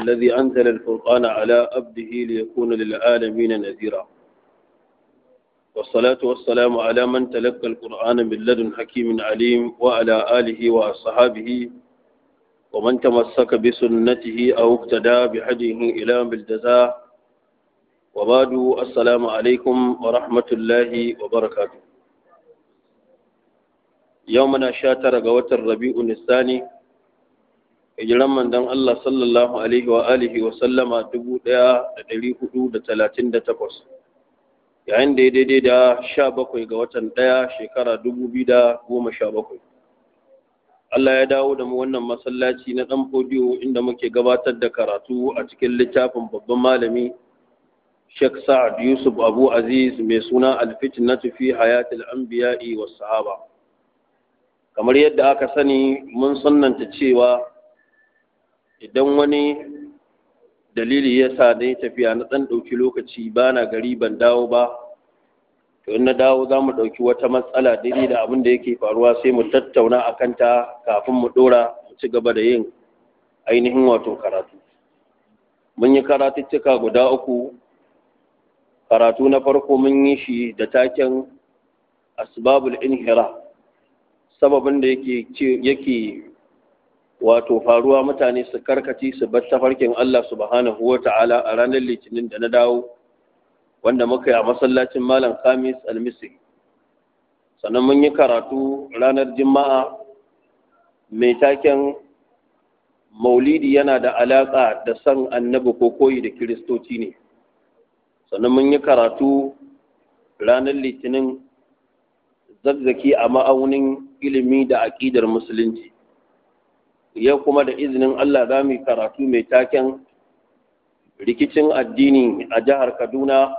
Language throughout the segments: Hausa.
الذي أنزل الفرقان على أبده ليكون للعالمين نذيرا والصلاة والسلام على من تلقى القرآن من لدن حكيم عليم وعلى آله وأصحابه ومن تمسك بسنته أو اقتدى بحديه إلى بالجزاء وبعد السلام عليكم ورحمة الله وبركاته يومنا شاتر قوة الربيع الثاني hijiran manzon Allah sallallahu alaihi wa alihi wa sallama 1438 yayin da ya daidai da sha 17 ga watan ɗaya shekara 2017 Allah ya dawo da mu wannan masallaci na ɗan podiyo inda muke gabatar da karatu a cikin littafin babban malami Sheikh Sa'ad Yusuf Abu Aziz mai suna Al-Fitnatu fi Hayatil Anbiya'i was Sahaba kamar yadda aka sani mun sannanta cewa idan wani dalili ya sa na tafiya na ɗan ɗauki lokaci ba na gari ban dawo ba to in na dawo za mu ɗauki wata matsala daidai da abin da yake faruwa sai mu tattauna a kanta kafin mu ɗora mu ci gaba da yin ainihin wato karatu mun yi karatuttuka guda uku karatu na farko mun yi shi da taken asbabul inhira sababin da yake wato faruwa mutane su karkaci su bar tafarkin Allah subhanahu wa ta'ala a ranar litinin da na dawo wanda muka yi a masallacin malam khamis almisi sannan mun yi karatu ranar juma'a mai taken maulidi yana da alaƙa da san annabi ko koyi da kiristoci ne sannan mun yi karatu ranar litinin zazzaki a ma'aunin ilimi da aƙidar musulunci yau kuma da izinin Allah za mu yi karatu mai taken rikicin addini a jihar Kaduna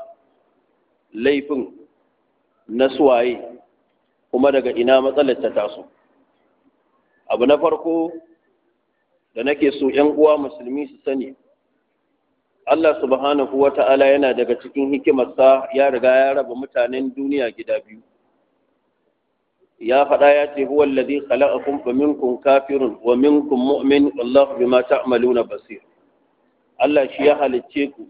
laifin na suwaye kuma daga ina matsalar ta taso. Abu na farko da nake so ‘yan uwa musulmi su sani, Allah subhanahu wa ta'ala yana daga cikin hikimarsa ya riga ya raba mutanen duniya gida biyu. ya faɗa ya ce huwa alladhi khalaqakum fa minkum kafirun wa minkum mu'min wallahu bima ta'maluna basir Allah shi ya halicce ku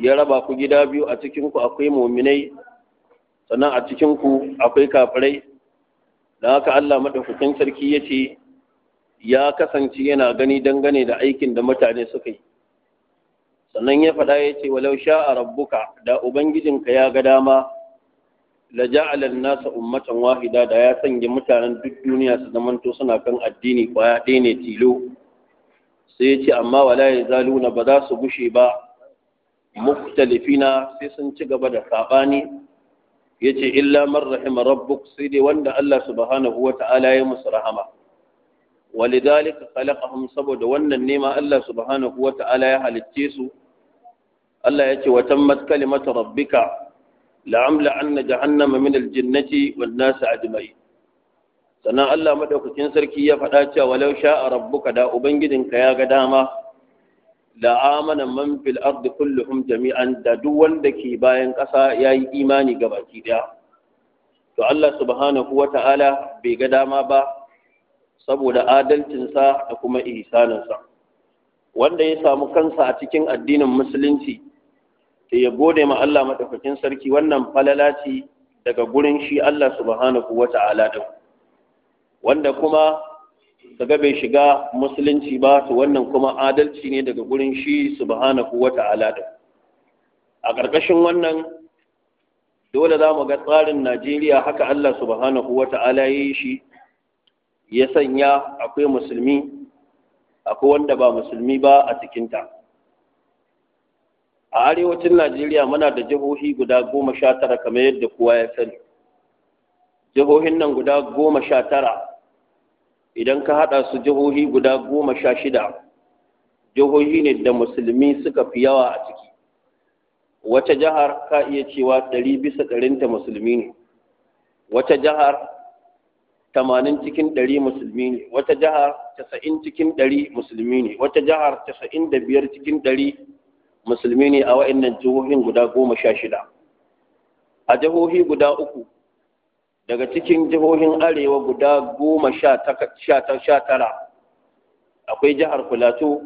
ya raba ku gida biyu a cikin ku akwai mu'minai sannan a cikin akwai kafirai dan haka Allah madaukakin sarki yace ya kasance yana gani dangane da aikin da mutane suka yi sannan ya faɗa ya ce lausha a rabbuka da ubangijinka ya ga dama la ja'ala an-nasa ummatan wahida da ya sanya mutanen duk duniya su zamanta suna kan addini kwaya ɗaya ne tilo sai ya ce amma wala yazaluna ba za su gushe ba muktalifina sai sun ci gaba da sabani yace illa man rahima rabbuk sai dai wanda Allah subhanahu wata'ala ya musu rahama walidhalika khalaqahum saboda wannan nema Allah subhanahu wata'ala ya halicce su Allah yace wa tammat rabbika la'amla anna jahannama min aljinnati wan nas ajma'in sannan Allah madaukakin sarki ya faɗa cewa walau sha'a rabbuka da ubangijinka ya ga dama la amana man fil ardi kulluhum jami'an da duk wanda ke bayan ƙasa yayi imani baki daya to Allah subhanahu ta'ala bai ga dama ba saboda adalcinsa da kuma ihsaninsa wanda ya samu kansa a cikin addinin musulunci da ya gode ma Allah madaukakin sarki wannan falala ce daga gurin shi Allah subhanahu wata'ala da wanda kuma daga bai shiga musulunci ba to wannan kuma adalci ne daga gurin shi subhanahu wata'ala da a ƙarƙashin wannan dole za mu ga tsarin Najeriya haka Allah subhanahu wata'ala ya yi shi ya sanya akwai musulmi akwai wanda ba musulmi ba a cikinta a arewacin najeriya muna da jihohi guda goma sha tara kamar yadda kowa ya sani jihohin nan guda goma sha tara idan ka haɗa su jihohi guda goma sha shida jihohi ne da musulmi suka fi yawa a ciki wata jihar ka iya cewa ɗari bisa ɗarinta musulmi ne wata jihar tamanin cikin ɗari musulmi ne wata jihar casa'in cikin ɗari musulmi ne wata jihar casa'in da biyar cikin ɗari musulmi ne a wa'annan jihohin guda goma sha shida a jihohi guda uku daga cikin jihohin arewa guda goma sha tara akwai jihar filato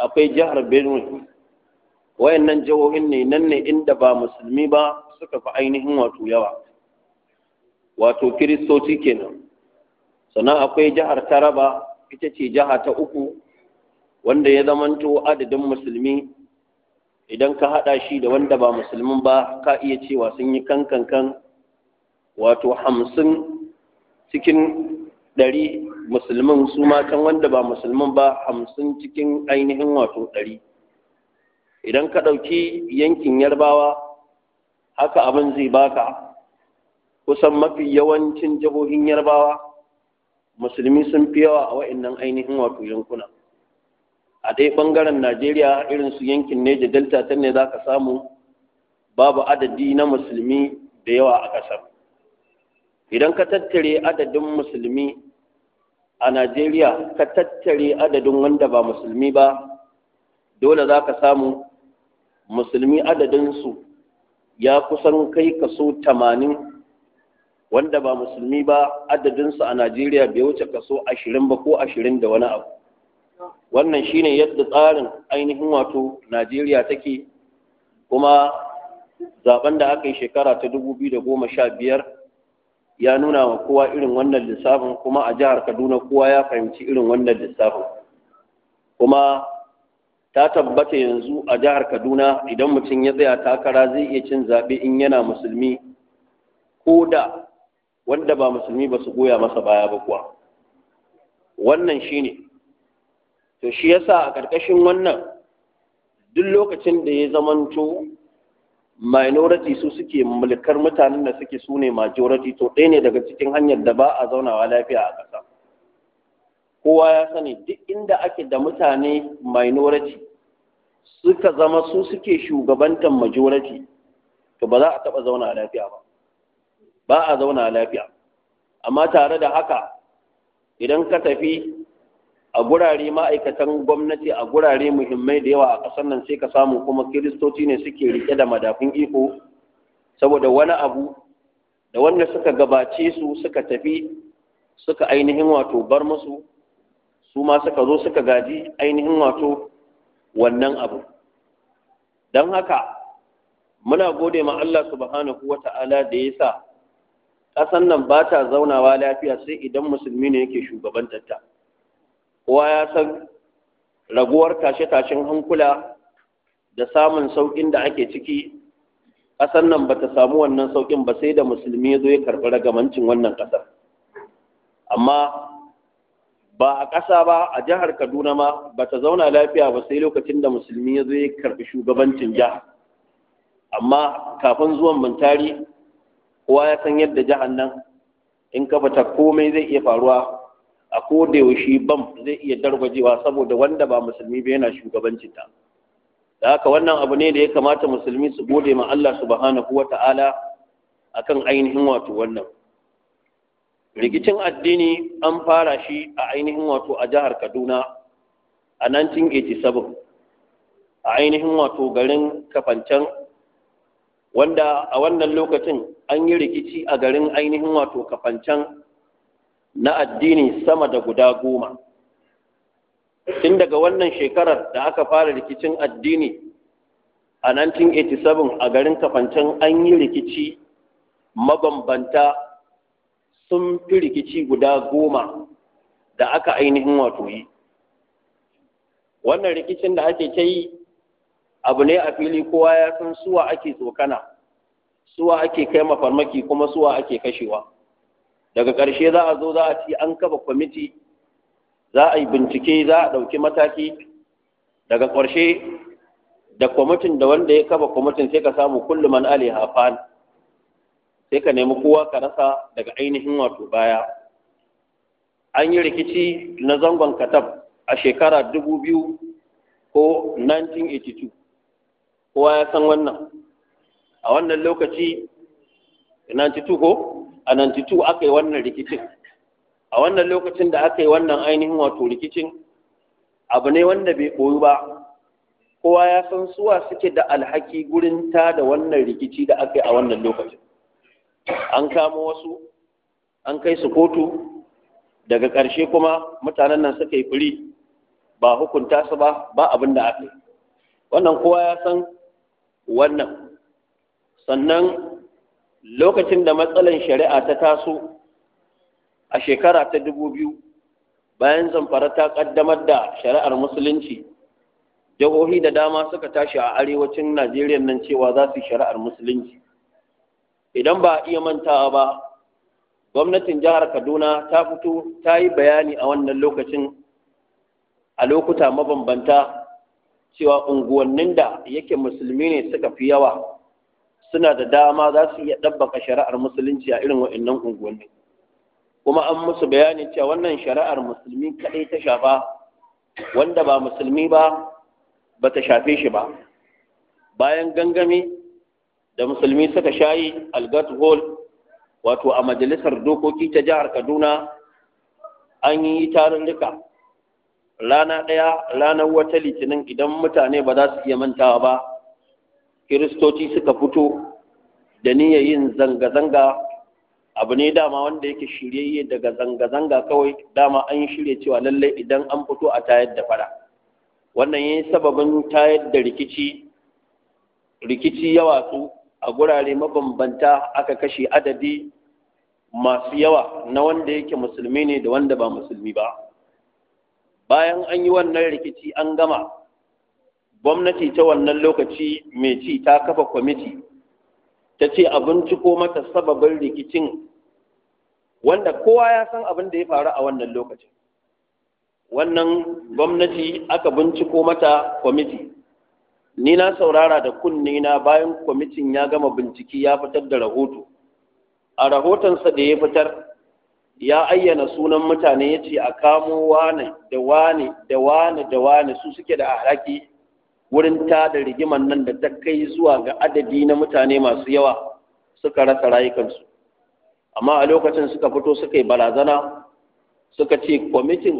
akwai jihar benue wayannan jihohin ne nan ne inda ba musulmi ba suka fi ainihin wato yawa wato kiristoci kenan sannan akwai jihar taraba ita ce jiha ta uku wanda ya zamanto adadin musulmi idan ka haɗa shi da wanda ba musulmin ba ka iya cewa sun yi kankankan wato hamsin cikin ɗari musulmin su matan wanda ba musulmin ba hamsin cikin ainihin wato ɗari idan ka ɗauki yankin yarbawa haka abin zai baka kusan mafi yawancin jihohin yarbawa musulmi sun fi yawa a wa'annan ainihin wato yankuna a dai ɓangaren najeriya irin su yankin neja delta ta ne za ka samu babu adadi na musulmi da yawa a ƙasar idan ka tattare adadin musulmi a najeriya ka tattare adadin wanda ba musulmi ba dole za ka samu musulmi adadinsu ya kusan kai kaso tamanin wanda ba musulmi ba adadinsu a najeriya bai wuce kaso ashirin ba ko ashirin da wani abu wannan shine yadda tsarin ainihin wato najeriya take kuma zaben da aka yi shekara ta dubu da goma sha ya nuna wa kowa irin wannan lissafin kuma a jihar kaduna kowa ya fahimci irin wannan lissafin kuma ta tabbata yanzu a jihar kaduna idan mutum ya tsaya takara zai iya cin zaɓe in yana musulmi ko da wanda ba musulmi ba su goya masa baya ba kuwa wannan shine to shi yasa a ƙarƙashin wannan duk lokacin da ya zamanto minority su suke mulkar mutanen da suke su ne majority to ɗaya ne daga cikin hanyar da ba a zaunawa lafiya a ƙasa kowa ya sani duk inda ake da mutane minority suka zama su suke shugabantar majority to ba za a taɓa zauna lafiya ba ba a zauna lafiya amma tare da haka idan ka tafi a gurare ma'aikatan gwamnati a gurare muhimmai da yawa a kasar nan sai ka samu kuma kiristoci ne suke rike da madafin iko saboda wani abu da wanda suka gabace su suka tafi suka ainihin wato bar musu su ma suka zo suka gaji ainihin wato wannan abu don haka muna gode ma Allah subhanahu wa ta'ala da ya sa ƙasar nan ba ta zaunawa lafiya sai idan musulmi ne yake shugaban ta kowa ya san raguwar tashe-tashen hankula da samun sauƙin da ake ciki ƙasar nan ba ta samu wannan sauƙin ba sai da musulmi ya zo ya karɓi ragamancin wannan ƙasar amma ba a ƙasa ba a jihar kaduna ma ba ta zauna lafiya ba sai lokacin da musulmi ya zo ya karɓi shugabancin jihar amma kafin zuwan mintari kowa ya san yadda jihar nan in ka fita komai zai iya faruwa a ko koda yaushe bam zai iya dargwajewa saboda wanda ba musulmi ba yana shugabancin ta da haka wannan abu ne da ya kamata musulmi su gode ma Allah subhanahu wata'ala akan ainihin wato wannan rikicin addini an fara shi a ainihin wato a jihar Kaduna a 1987 a ainihin wato garin Kafancan wanda a wannan lokacin an yi rikici a garin ainihin wato Kafancan na addini sama da guda goma tun daga wannan shekarar da aka fara rikicin addini a 1987 a garin kafancen an yi rikici mabambanta sun fi rikici guda goma da aka ainihin wato yi wannan rikicin da ake ta yi abu ne a fili kowa ya san suwa ake tsokana suwa ake kai mafarmaki kuma suwa ake kashewa daga ƙarshe za a zo za a ci an kafa kwamiti za a yi bincike za a ɗauki mataki daga ƙarshe da kwamitin da wanda ya kafa kwamitin sai ka samu kullum man Hafan sai ka nemi kowa ka rasa daga ainihin wato baya an yi rikici na zangon katab a shekara dubu biyu ko 1982 kowa ya san wannan a wannan lokaci 92 ko a 92 aka yi wannan rikicin a wannan lokacin da aka yi wannan ainihin wato rikicin abu ne wanda bai ɓoyu ba kowa ya san suwa suke da alhaki gurin ta da wannan rikici da aka yi a wannan lokacin an kama wasu an kai su kotu daga ƙarshe kuma mutanen nan suka yi firi ba hukunta su ba ba abin da aka yi wannan kowa ya san wannan sannan lokacin da matsalan shari'a ta taso a shekara ta dubu biyu bayan zamfara ta ƙaddamar da shari'ar musulunci jihohi da dama suka tashi a arewacin najeriya nan cewa za su shari'ar musulunci idan ba a iya mantawa ba gwamnatin jihar kaduna ta fito ta yi bayani a wannan lokacin a lokuta mabambanta cewa unguwannin da yake musulmi ne suka fi yawa suna da dama za su iya ɗabbaka shari'ar musulunci a irin wa'annan unguwanni kuma an musu bayani cewa wannan shari'ar musulmi kaɗai ta shafa wanda ba musulmi ba ba ta shafe shi ba bayan gangami da musulmi suka shayi algat hall wato a majalisar dokoki ta jihar kaduna an yi tarurruka rana ɗaya ranar wata litinin idan mutane ba za su iya mantawa ba kiristoci suka fito da niyyar yin zanga-zanga abu ne dama wanda yake shiryayye daga zanga-zanga kawai dama an shirya cewa lallai idan an fito a tayar da fara wannan yayi sababin tayar da rikici rikici ya watsu a gurare mabambanta aka kashe adadi masu yawa na wanda yake musulmi ne da wanda ba musulmi ba bayan an yi wannan rikici an gama gwamnati ta wannan lokaci mai ci ta kafa kwamiti ta ce a binciko mata sababin rikicin wanda kowa ya san abin da ya faru a wannan lokacin wannan gwamnati aka binciko mata kwamiti ni na saurara da kunne na bayan kwamitin ya gama bincike ya fitar da rahoto a rahotonsa da ya fitar ya ayyana sunan mutane ya ce a kamo wane da wane da wane da wane su suke da alhaki wurin ta da rigiman nan da ta kai zuwa ga adadi na mutane masu yawa suka rasa rayukansu amma a lokacin suka fito suka yi barazana suka ce kwamitin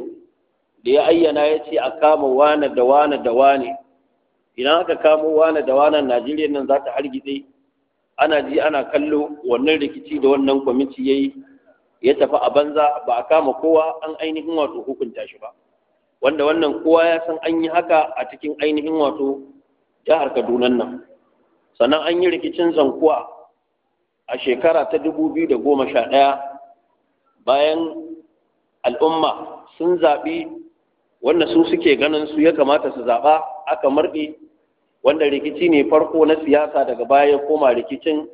da ya ayyana ya ce a kama wane da wane da wane idan aka kamo wane da wane najeriya nan za ta hargitse ana ji ana kallo wannan rikici da wannan kwamiti ya yi ya tafi a banza ba a kama kowa an ainihin wato hukunta shi ba wanda wannan kowa ya san an yi haka a cikin ainihin wato jihar kaduna nan sannan an yi rikicin zankuwa a shekara ta dubu da goma sha ɗaya bayan al'umma sun zaɓi wanda su suke ganin su ya kamata su zaɓa aka marɗe wanda rikici ne farko na siyasa daga baya ya koma rikicin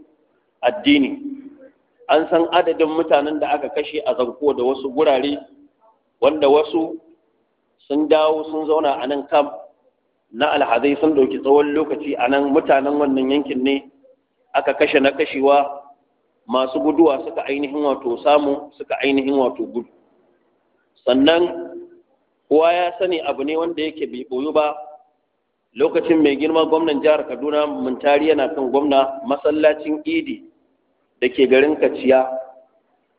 addini an san adadin mutanen da aka kashe a zanko da wasu gurare wanda wasu sun dawo sun zauna a nan kam na alhazai sun ɗauki tsawon lokaci a nan mutanen wannan yankin ne aka kashe na kashewa masu guduwa suka ainihin wato samu suka ainihin wato gudu sannan kowa ya sani abu ne wanda yake bai koyo ba lokacin mai girma gwamnan jihar kaduna muntari yana kan gwamna masallacin idi da ke garin kaciya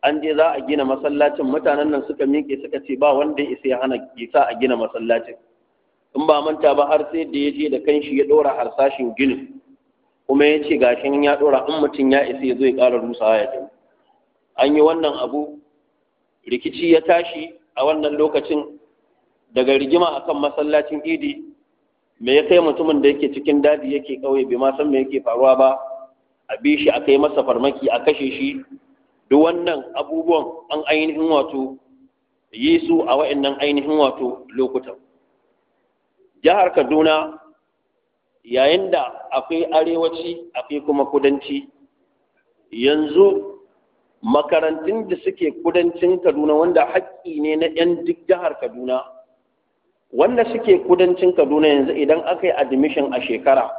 an je za a gina masallacin mutanen nan suka miƙe suka ce ba wanda isa ya hana isa a gina masallacin in ba manta ba har sai da ya je da kanshi ya ɗora harsashin ginin kuma ya ce gashin ya ɗora in mutum ya isa ya zo ya ƙara rusawa ya jami an yi wannan abu rikici ya tashi a wannan lokacin daga rigima akan masallacin idi me ya kai mutumin da yake cikin daji yake ƙauye bai ma san me yake faruwa ba a bi shi a kai masa farmaki a kashe shi duk wannan abubuwan an ainihin wato yi su a wa'annan ainihin wato lokutan jihar kaduna yayin da akwai arewaci akwai kuma kudanci yanzu makarantun da suke kudancin kaduna wanda haƙƙi ne na 'yan duk jihar kaduna wanda suke kudancin kaduna yanzu idan aka yi admission a shekara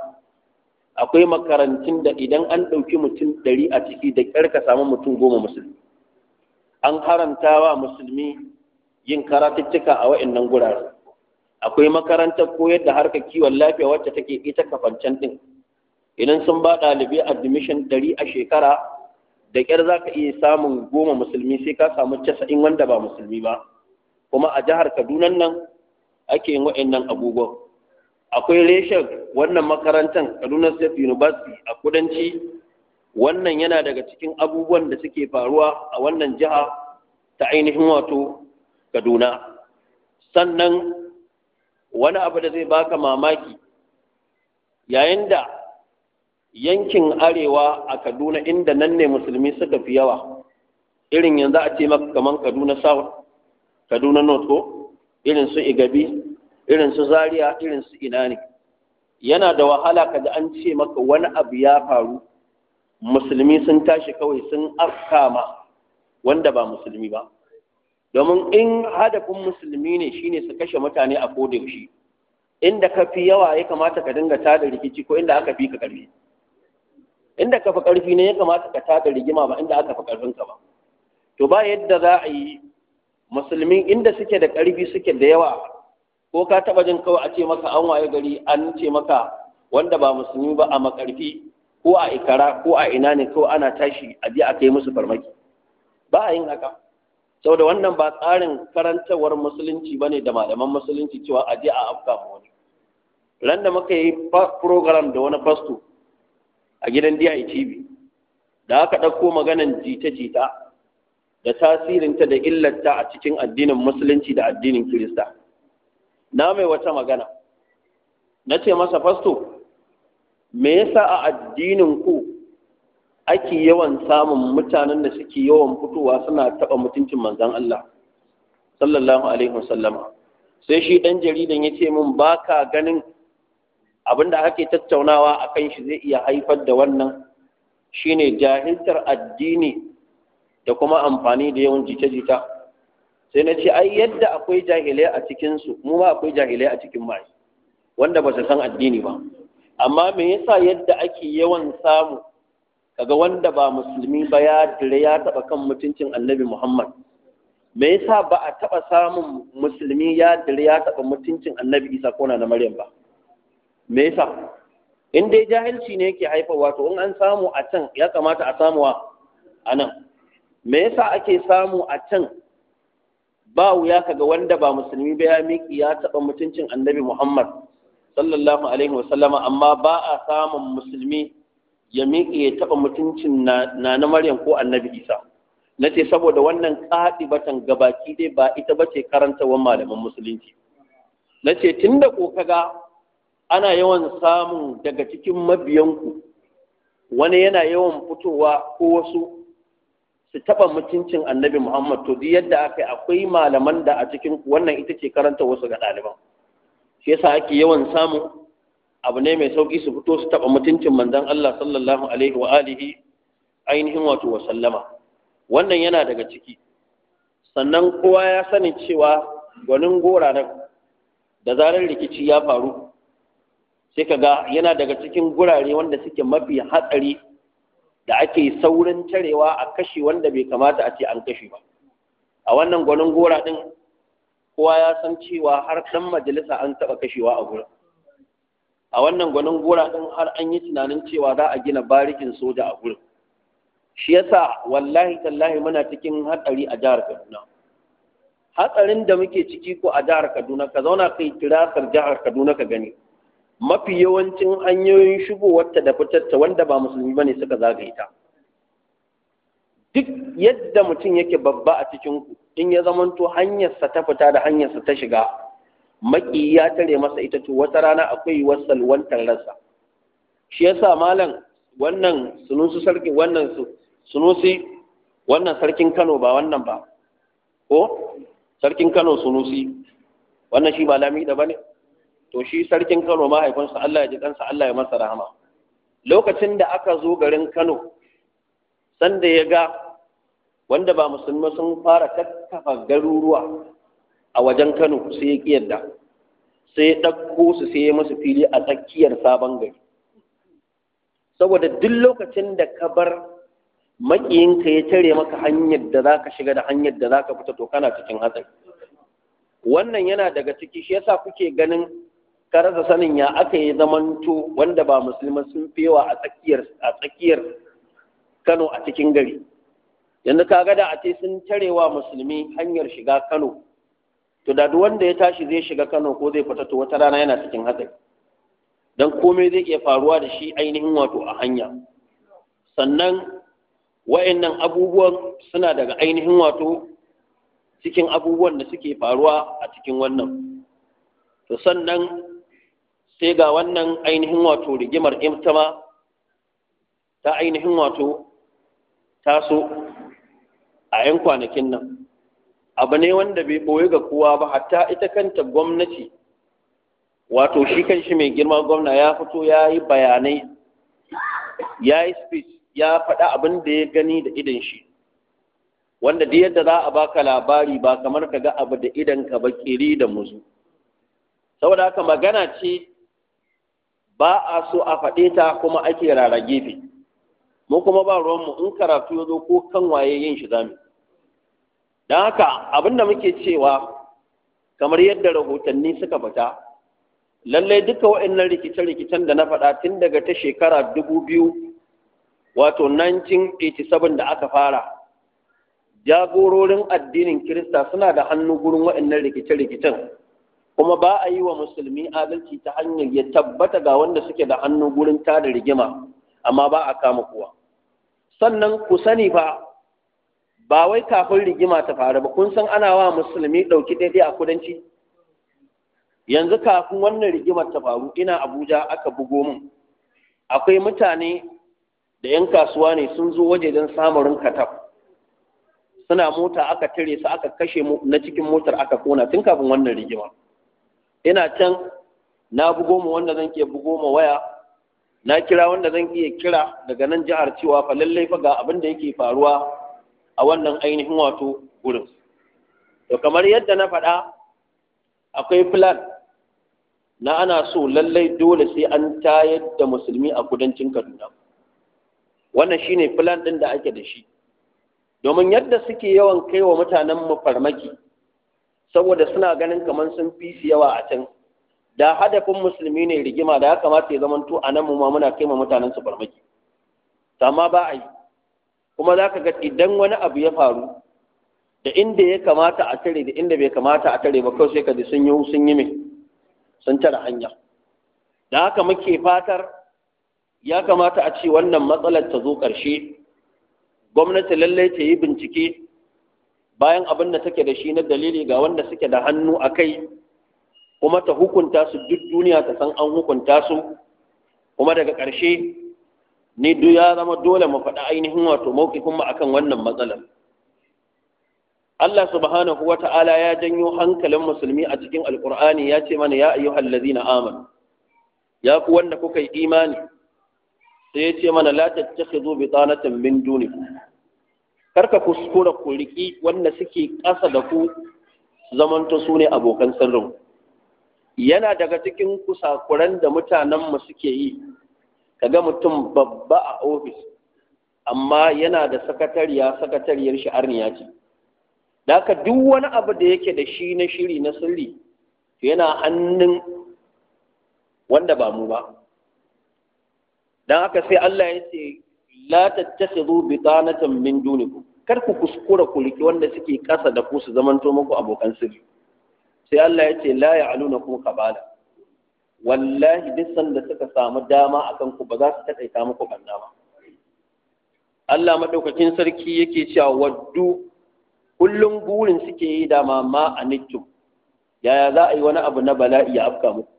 akwai makarantun da idan an ɗauki mutum ɗari a ciki da ƙyar ka samu mutum goma musulmi an haramta wa musulmi yin karatuttuka a wa'annan gurare akwai makarantar koyar da harkar kiwon lafiya wacce take ita kafancan ɗin idan sun ba a admission ɗari a shekara da ƙyar za ka iya samun goma musulmi sai ka samu casa'in wanda ba musulmi ba kuma a jihar kaduna nan ake yin wa'annan abubuwan akwai reshen wannan makarantar kaduna state university a kudanci wannan yana daga cikin abubuwan da suke faruwa a wannan jiha ta ainihin wato kaduna sannan wani abu da zai baka mamaki yayin da yankin arewa a kaduna inda nan ne musulmi suka fi yawa irin yanzu a ce maka kaman kaduna south kaduna north ko irin su igabi irin su Zariya, irin su ina ne yana da wahala kada an ce maka wani abu ya faru musulmi sun tashi kawai sun afkama wanda ba musulmi ba domin in hadafin musulmi ne shine su kashe mutane a koda yaushe inda ka fi yawa ya kamata ka dinga tada rikici ko inda aka fi ka karfi inda ka fi karfi ne ya kamata ka tada rigima ba inda aka fi karfinka ba to ba yadda za a yi musulmi inda suke da karfi suke da yawa ko ka taba jin kawai a ce maka an waye gari an ce maka wanda ba musulmi ba a makarfi ko a ikara ko a ina ne kawai ana tashi a je a kai musu farmaki ba a yin haka saboda wannan ba tsarin karantarwar musulunci bane da malaman musulunci cewa a je a afka wani ran da muka yi program da wani fasto a gidan DITV da aka ɗauko maganan jita-jita da tasirinta da illarta a cikin addinin musulunci da addinin kirista na mai wata magana na ce masa fasto me yasa a addinin ku ake yawan samun mutanen da suke yawan fitowa suna taɓa mutuncin manzan Allah sallallahu alaihi wasallama sai shi ɗan jaridan ya ce min ba ka ganin abinda ake tattaunawa a kan shi zai iya haifar da wannan shine jahiltar addini da kuma amfani da yawan jita-jita sai na ce ai yadda akwai jahilai a cikinsu mu ba akwai jahilai a cikin mai wanda ba su san addini ba amma me yasa yadda ake yawan samu kaga wanda ba musulmi ba ya dire ya taba kan mutuncin annabi muhammad me yasa ba a taba samun musulmi ya dire ya taba mutuncin annabi isa ko na maryam ba me yasa in dai jahilci ne yake haifarwa to in an samu a can ya kamata a samuwa a nan me yasa ake samu a can ba wuya kaga wanda ba musulmi ba ya miki ya taɓa mutuncin annabi muhammad sallallahu alaihi sallama amma ba a samun musulmi ya miki ya taba mutuncin na na maryam ko annabi isa na saboda wannan batan gabaki dai ba ita ba ce karantawan malaman musulunci Nace tunda tun ko kaga ana yawan samun daga cikin mabiyanku wani yana yawan fitowa ko wasu su taɓa mutuncin annabi muhammad to duk yadda aka yi akwai malaman da a cikin wannan ita ce karanta wasu ga ɗaliban shi yasa ake yawan samu abu ne mai sauƙi su fito su taɓa mutuncin manzon allah sallallahu alaihi wa alihi ainihin wato wa wannan yana daga ciki sannan kowa ya sani cewa gwanin gora na da zarar rikici ya faru sai ka ga yana daga cikin gurare wanda suke mafi hatsari da ake saurin tarewa a kashe wanda bai kamata a ce an kashe ba a wannan gwanin gora ɗin kowa ya san cewa har ɗan majalisa an taɓa kashewa a gurin a wannan gwanin gora ɗin har an yi tunanin cewa za a gina barikin soja a gurin shi yasa wallahi tallahi muna cikin hatsari a jihar kaduna hatsarin da muke ciki ko a jihar kaduna ka zauna kai kirakar jihar kaduna ka gani mafi yawancin hanyoyin shigowarta da fitarta wanda ba musulmi bane suka zagaye ta duk yadda mutum yake babba a cikin ku in ya zamanto hanyarsa ta fita da hanyarsa ta shiga maki ya tare masa ita to wata rana akwai wasal wantan rasa shi yasa malam wannan su sarki wannan su su wannan sarkin Kano ba wannan ba ko sarkin Kano su wannan shi ba lami da bane to shi sarkin Kano mahaifinsa Allah ya ji kansa Allah ya masa rahama lokacin da aka zo garin Kano sanda ya ga wanda ba musulmi sun fara tattafa garuruwa a wajen Kano sai ya kiyarda sai ya ɗauko su sai ya musu fili a tsakiyar sabon gari saboda duk lokacin da ka bar maƙiyinka ya tare maka hanyar da za ka shiga da hanyar da za ka fita to kana cikin hatsari wannan yana daga ciki shi yasa kuke ganin ka sanin ya aka yi zamanto wanda ba musulman sun fewa a tsakiyar a tsakiyar Kano a cikin gari yanzu ka ga da a ce sun tarewa musulmi hanyar shiga Kano to da wanda ya tashi zai shiga Kano ko zai fita to wata rana yana cikin hatsari dan komai zai iya faruwa da shi ainihin wato a hanya sannan wa'annan abubuwan suna daga ainihin wato cikin abubuwan da suke faruwa a cikin wannan to sannan sai ga wannan ainihin wato rigimar imtama ta ainihin wato taso a 'yan kwanakin nan abu ne wanda bai ɓoye ga kowa ba hatta ita kanta gwamnati wato shi kan shi mai girma gwamna ya fito ya yi bayanai ya yi speech ya faɗa abin da ya gani da idan shi wanda da yadda za a baka labari ba kamar ka ga abu da idan ka ba kiri da muzu saboda haka magana ce ba a so a faɗe ta kuma ake rara gefe mu kuma ba ruwanmu in karatu ya zo ko kan waye yin shi zami don haka abin da muke cewa kamar yadda rahotanni suka fita lallai duka waɗannan rikice-rikicen da na faɗa tun daga ta shekara dubu biyu wato 1987 da aka fara jagororin addinin kirista suna da hannu gurin waɗannan rikice-rikicen kuma ba a yi wa musulmi adalci ta hanyar ya tabbata ga wanda suke da hannu gurin tada rigima amma ba a kama kowa sannan ku sani fa ba wai kafin rigima ta faru ba kun san ana wa musulmi ɗauki daidai a kudanci yanzu kafin wannan rigimar ta faru ina abuja aka bugo min akwai mutane da 'yan kasuwa ne sun zo waje don samarin katab suna mota aka tare su aka kashe na cikin motar aka kona tun kafin wannan rigima. ina can na bugo mu wanda zan ke bugo ma waya na kira wanda zan iya kira daga nan jihar cewa fa lallai fa ga abin da yake faruwa a wannan ainihin wato gurin to kamar yadda na faɗa akwai plan na ana so lallai dole sai an tayar da musulmi a kudancin kaduna wannan shine plan ɗin da ake da shi domin yadda suke yawan kai wa mutanen mu farmaki saboda suna ganin kamar sun fi su yawa a can da hadafin musulmi ne rigima da ya kamata ya zamanto a nan mu ma muna kai ma mutanen su farmaki amma ba a yi kuma za ka ga idan wani abu ya faru da inda ya kamata a tare da inda bai kamata a tare ba kawai sai ka ji sun yi sun yi mai sun tare hanya da haka muke fatar ya kamata a ce wannan matsalar ta zo ƙarshe gwamnati lallai ta yi bincike bayan abin da take da shi na dalili ga wanda suke da hannu a kai kuma ta hukunta su duk duniya ta san an hukunta su kuma daga ƙarshe ni duk ya zama dole mu faɗi ainihin wato mawkifin mu akan wannan matsalar Allah subhanahu wa ta'ala ya janyo hankalin musulmi a cikin alkur'ani ya ce mana ya ayyuhal ladzina amanu ya ku wanda kuka yi imani sai ya ce mana la tattakhidhu bitanatan min dunikum karka kuskura ku riki wanda suke ƙasa da ku zamanta su ne abokan sirrin yana daga cikin kusakuran da mutanenmu suke yi kaga mutum babba a ofis amma yana da sakatariya sakatariyar sha'arniya ce da haka duk wani abu da yake da shi na shiri na sirri yana hannun wanda ba mu ba don haka sai Allah ya ce la tattakhidhu bitanatan min dunikum kar ku kuskura ku wanda suke kasa da ku su zamanto muku abokan sirri sai Allah ya ce la ya'lunakum qabala wallahi duk sanda suka samu dama akan ku ba za su takaita muku banna ba Allah maɗaukakin sarki yake cewa waddu kullum burin suke yi dama ma anittum yaya za a yi wani abu na bala'i ya afka muku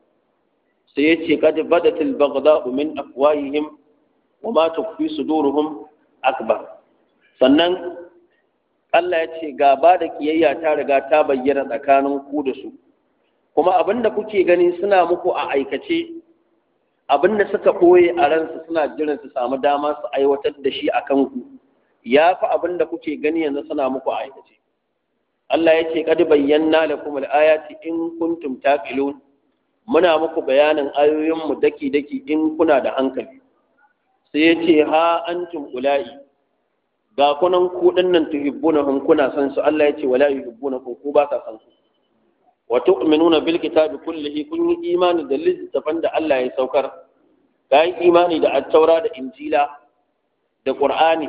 sai ya ce kad badatil baghda'u min afwahihim wa ma tukfi suduruhum akba sannan Allah ya ce gaba da kiyayya ta riga ta bayyana tsakanin ku da su kuma abin da kuke gani suna muku a aikace abin da suka koye a ransu suna jiran su samu dama su aiwatar da shi a kanku ya fi da kuke gani yanzu suna muku a aikace Allah ya ce kad bayyana lakum al in kuntum taqilun muna muku bayanin ayoyin mu daki daki in kuna da hankali sai ya ce ha an ula'i ga kunan kuɗin nan tuhibbunahum kuna san su Allah ya ce wala na ku ba ka san su wa tu'minuna bil kitabi kullihi kun yi imani da littafin da Allah ya saukar ga yi imani da attaura da injila da qur'ani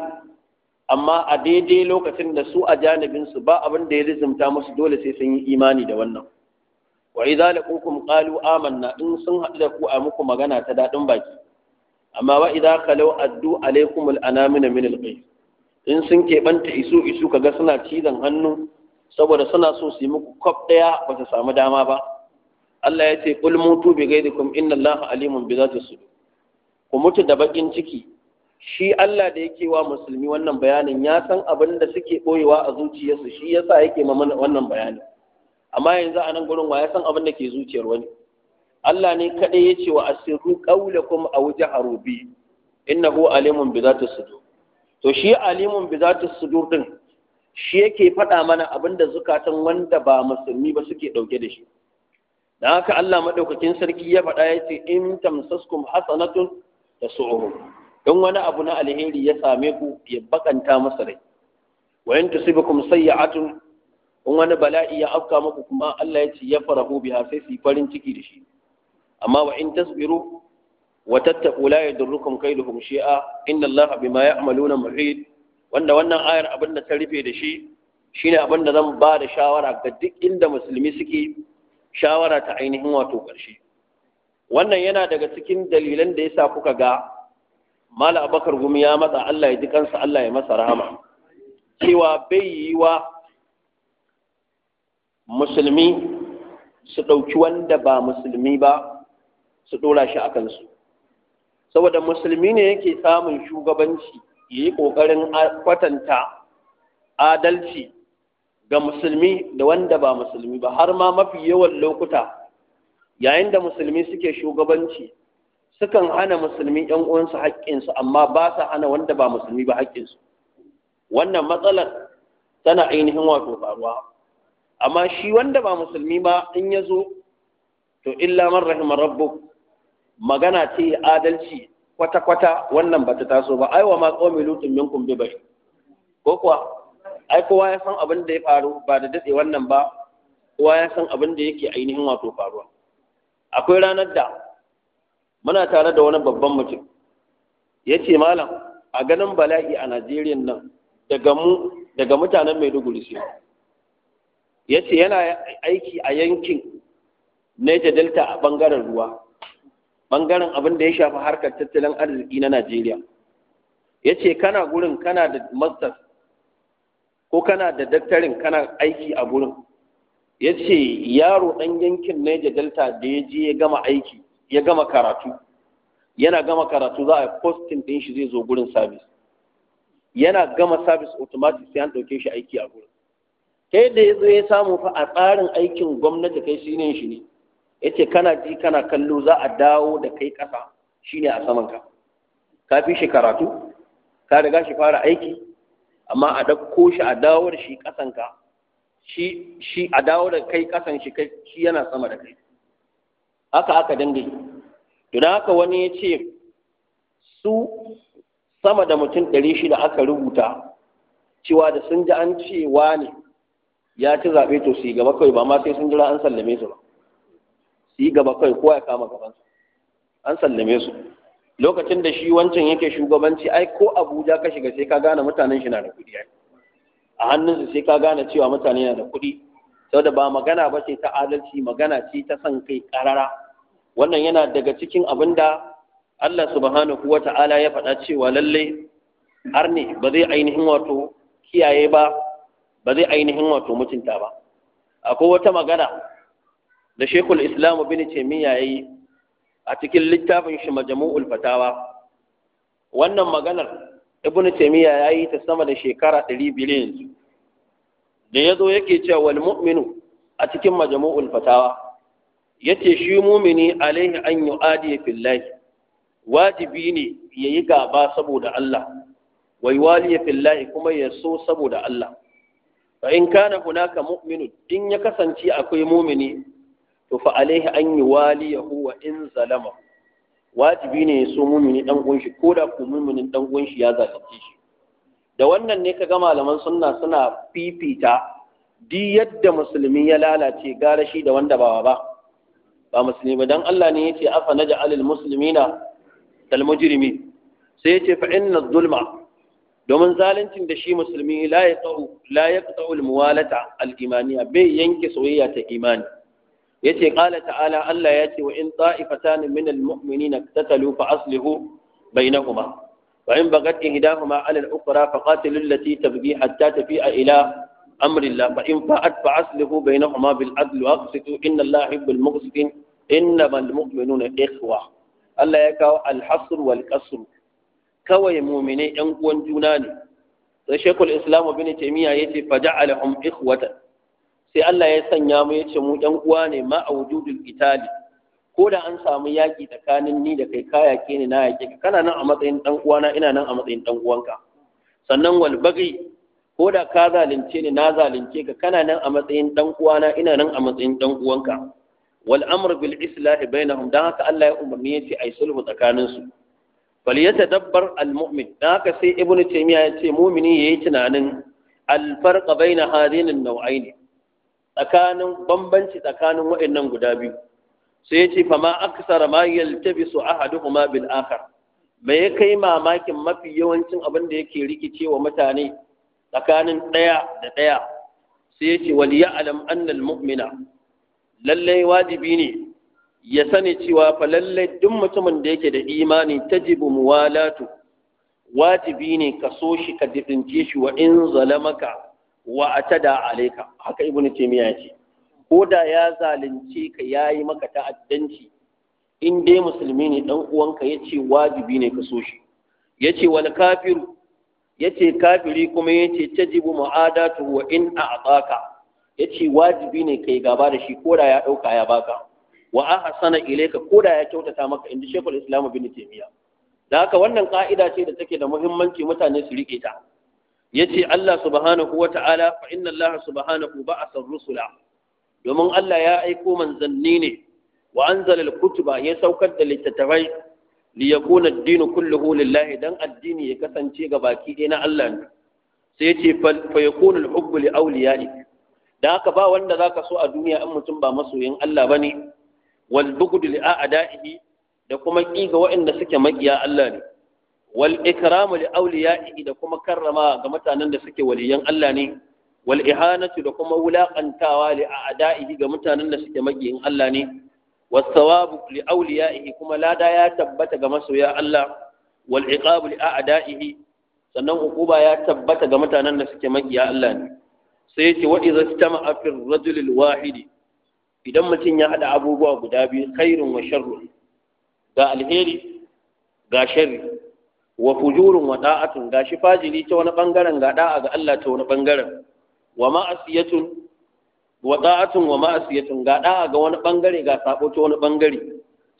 amma a daidai lokacin da su a janibinsu ba abin da ya rizumta musu dole sai sun yi imani da wannan wa idza laqukum qalu amanna in sun haɗu da ku a muku magana ta daɗin baki amma wa idza kalau addu alaikum anamina min al in sun keɓanta isu isu kaga suna cizon hannu saboda suna so su yi muku kwaf ɗaya ba su samu dama ba Allah ya ce qul mutu bi gaidikum inna Allah alimun bi zati sudur ku mutu da bakin ciki shi Allah da yake wa musulmi wannan bayanin ya san abin da suke boyewa a zuciyarsu shi yasa yake ma wannan bayanin amma yanzu a nan gurin wa ya san abin da ke zuciyar wani Allah ne kaɗai ya ce wa asiru kuma a wuce harubi ko alimun bi ta sudur to shi alimun bi ta sudur din shi yake faɗa mana abinda zukatan wanda ba musulmi ba suke ɗauke da shi da haka Allah maɗaukakin sarki ya faɗa ya ce in tamsaskum hasanatun su'uhu in wani abu na alheri ya same ku ya baƙanta masa rai wa in tusibukum sayyi'atun in wani bala'i ya afka muku kuma Allah ya ce ya farahu biha sai su yi farin ciki da shi amma wa in tasbiru wa tattaqu la yadurrukum kaiduhum shay'a inna allaha bima ya'maluna muhit wanda wannan ayar abin da ta rufe da shi shine abin da zan ba da shawara ga duk inda musulmi suke shawara ta ainihin wato karshe wannan yana daga cikin dalilan da yasa kuka ga mala abakar gumi ya matsa Allah ya ji kansa Allah ya masa rahama cewa bai yi wa musulmi su ɗauki wanda ba musulmi ba su ɗora shi a kansu saboda musulmi ne yake samun shugabanci ya yi ƙoƙarin kwatanta adalci ga musulmi da wanda ba musulmi ba har ma mafi yawan lokuta yayin da musulmi suke shugabanci sukan hana musulmi ‘yan uwansu haƙƙinsu amma ba sa hana wanda ba musulmi ba haƙƙinsu wannan matsalar tana ainihin wato faruwa amma shi wanda ba musulmi ba in ya zo to illa man rahimar rabbu magana ce adalci kwata-kwata wannan ba ta taso ba aiwa ma qaumi lutun minkum bi bari. ko kuwa ai kowa ya san abin da ya faru ba da dade wannan ba kowa ya san abin da yake ainihin wato faruwa akwai ranar da muna tare da wani babban mutum ya ce malam a ganin bala'i a najeriya nan daga mu daga mutanen maiduguri sai ya ce yana aiki a yankin Niger Delta a bangaren ruwa bangaren abin da ya shafi harkar tattalin arziki na Najeriya ya ce kana gurin kana da masters ko kana da daktarin kana aiki a gurin ya ce yaro ɗan yankin Niger Delta da ya je ya gama aiki ya gama karatu yana gama karatu za a posting ɗin shi zai zo gurin sabis. yana gama sabis automatic sai an ɗauke shi aiki a gurin ta yadda ya zo ya samu fa a tsarin aikin gwamnati kai shi ne shi ne yace kana ji kana kallo za a dawo da kai ƙasa shine a saman ka ka fi shi karatu ka riga shi fara aiki amma a ɗauko shi a dawo da shi ƙasan ka shi shi a dawo da kai ƙasan shi kai shi yana sama da kai haka aka dinga to haka wani ya ce su sama da mutum ɗari shida aka rubuta cewa da sun ji an cewa ne ya ci zaɓe to su yi gaba kawai ba ma sai sun jira an sallame su ba su yi gaba kai ko ya kama gabansa an sallame su lokacin da shi wancan yake shugabanci ai ko abuja ka shiga sai ka gane mutanen shi na da kuɗi a hannunsu sai ka gane cewa mutane na da kuɗi saboda ba magana ba ce ta adalci magana ce ta san kai ƙarara wannan yana daga cikin abin da Allah subhanahu wa ta'ala ya faɗa cewa lalle ne ba zai ainihin wato kiyaye ba ba zai ainihin wato mutunta ba akwai wata magana da shekul islamu bin taimiyya ya yi a cikin littafin shi majamu'ul fatawa wannan maganar ibn taimiyya ya yi ta sama da shekara ɗari biyu yanzu da ya zo yake cewa wal mu'minu a cikin majamu'ul fatawa Ya ce shi mumini alaihi an ya fillahi wajibi ne ya yi gaba saboda Allah wai wali ya fillahi kuma ya so saboda Allah fa in kana hunaka muminu in ya kasance akwai mumini to fa alaihi an yi waliyahu wa in zalama wajibi ne ya so mumini dan kunshi ko da ku muminin dan kunshi ya zalunce shi da wannan ne kaga malaman sunna suna fifita di yadda musulmi ya lalace gara shi da wanda ba ba ba musulmi ba dan Allah ne yace afa naj'alul muslimina na mujrimi sai yace fa inna zulma domin zaluncin da shi musulmi la yaqta'u la muwalata al imaniya bai yanke soyayya ta imani yace qala ta'ala Allah yace wa in ta'ifatan min almu'minina tatalu fa aslihu bainahuma wa in bagat ihdahuma 'ala al-ukhra fa qatilu allati tabghi hatta tafi'a ila amri Allah fa in fa'at fa aslihu bainahuma bil adl wa aqsitu inna Allah yuhibbul muqsitin innamal mu'minuna ikhwa Allah ya kawo al-hasr wal qasr kawai mu'mine yan uwan juna ne sai shekul islam ibn taymiya yace fa ja'alahum ikhwatan sai Allah ya sanya mu yace mu ɗan uwa ne ma a aujudul itali ko da an samu yaƙi tsakanin ni da kai ka ke ni na yaƙe ka kana nan a matsayin ɗan uwana ina nan a matsayin ɗan uwanka sannan wal ko da ka zalunce ni na zalunce ka kana nan a matsayin ɗan uwana ina nan a matsayin ɗan uwanka wal amr bil islahi bainahum dan haka Allah ya umarni yace ai sulhu tsakanin su fal yatadabbar al mu'min dan haka sai ibnu taymiya ce mu'mini yayi tunanin al farqa baina nau'ai an tsakanin bambanci tsakanin waɗannan guda biyu sai ya ce fa ma aksara ma yaltabisu ahaduhuma bil akhar me ya kai mamakin mafi yawancin abin da yake rikice wa mutane tsakanin ɗaya da ɗaya sai ya ce wali ya'lam anna al mu'mina lallai wajibi ne ya sani cewa fa lalle duk mutumin da yake da imani tajibu muwalatu wajibi ne ka so shi ka difince shi wa in zalamaka wa atada alayka haka ibnu taymiya ce ko da ya zalunce ka yayi maka ta'addanci in dai musulmi ne dan uwanka yace wajibi ne ka so shi yace wal kafiru yace kafiri kuma yace tajibu mu'adatu wa in a'taka yace wajibi ne kai gaba da shi ko da ya dauka ya baka wa ahsana ilayka ko da ya kyautata maka inda shaykhul islam ibnu taymiya da haka wannan ka'ida ce da take da muhimmanci mutane su rike ta yace Allah subhanahu wata'ala fa inna Allah subhanahu ar rusula domin Allah ya aiko manzanni ne wa anzala al-kutuba ya saukar da littattafai li yakuna ad-din kulluhu lillahi dan addini ya kasance ga baki ɗaya na Allah ne sai yace fa yakuna al-hubbu li awliyai dan haka ba wanda zaka so a duniya in mutum ba masoyin Allah bane wal bughd li a'da'ihi da kuma ƙi ga waɗanda suke maƙiya Allah ne wal ikramu li awliya'i da kuma karrama ga mutanen da suke waliyan Allah ne wal ihanatu da kuma wulaƙantawa li a'da'ihi ga mutanen da suke magiyin Allah ne was sawabu li awliya'ihi kuma lada ya tabbata ga Allah sannan hukuma ya tabbata ga mutanen da suke magiya Allah ne sai yace wa idza istama'a fi ar-rajuli al-wahidi idan mutum ya hada abubuwa guda biyu khairun wa sharrun ga alheri ga sharri wa fujurun wa da'atun shi fajiri ta wani bangaren ga da'a ga Allah ta wani bangaren wa ma'asiyatun wa da'atun wa ma'asiyatun ga da'a ga wani bangare ga sabo ta wani bangare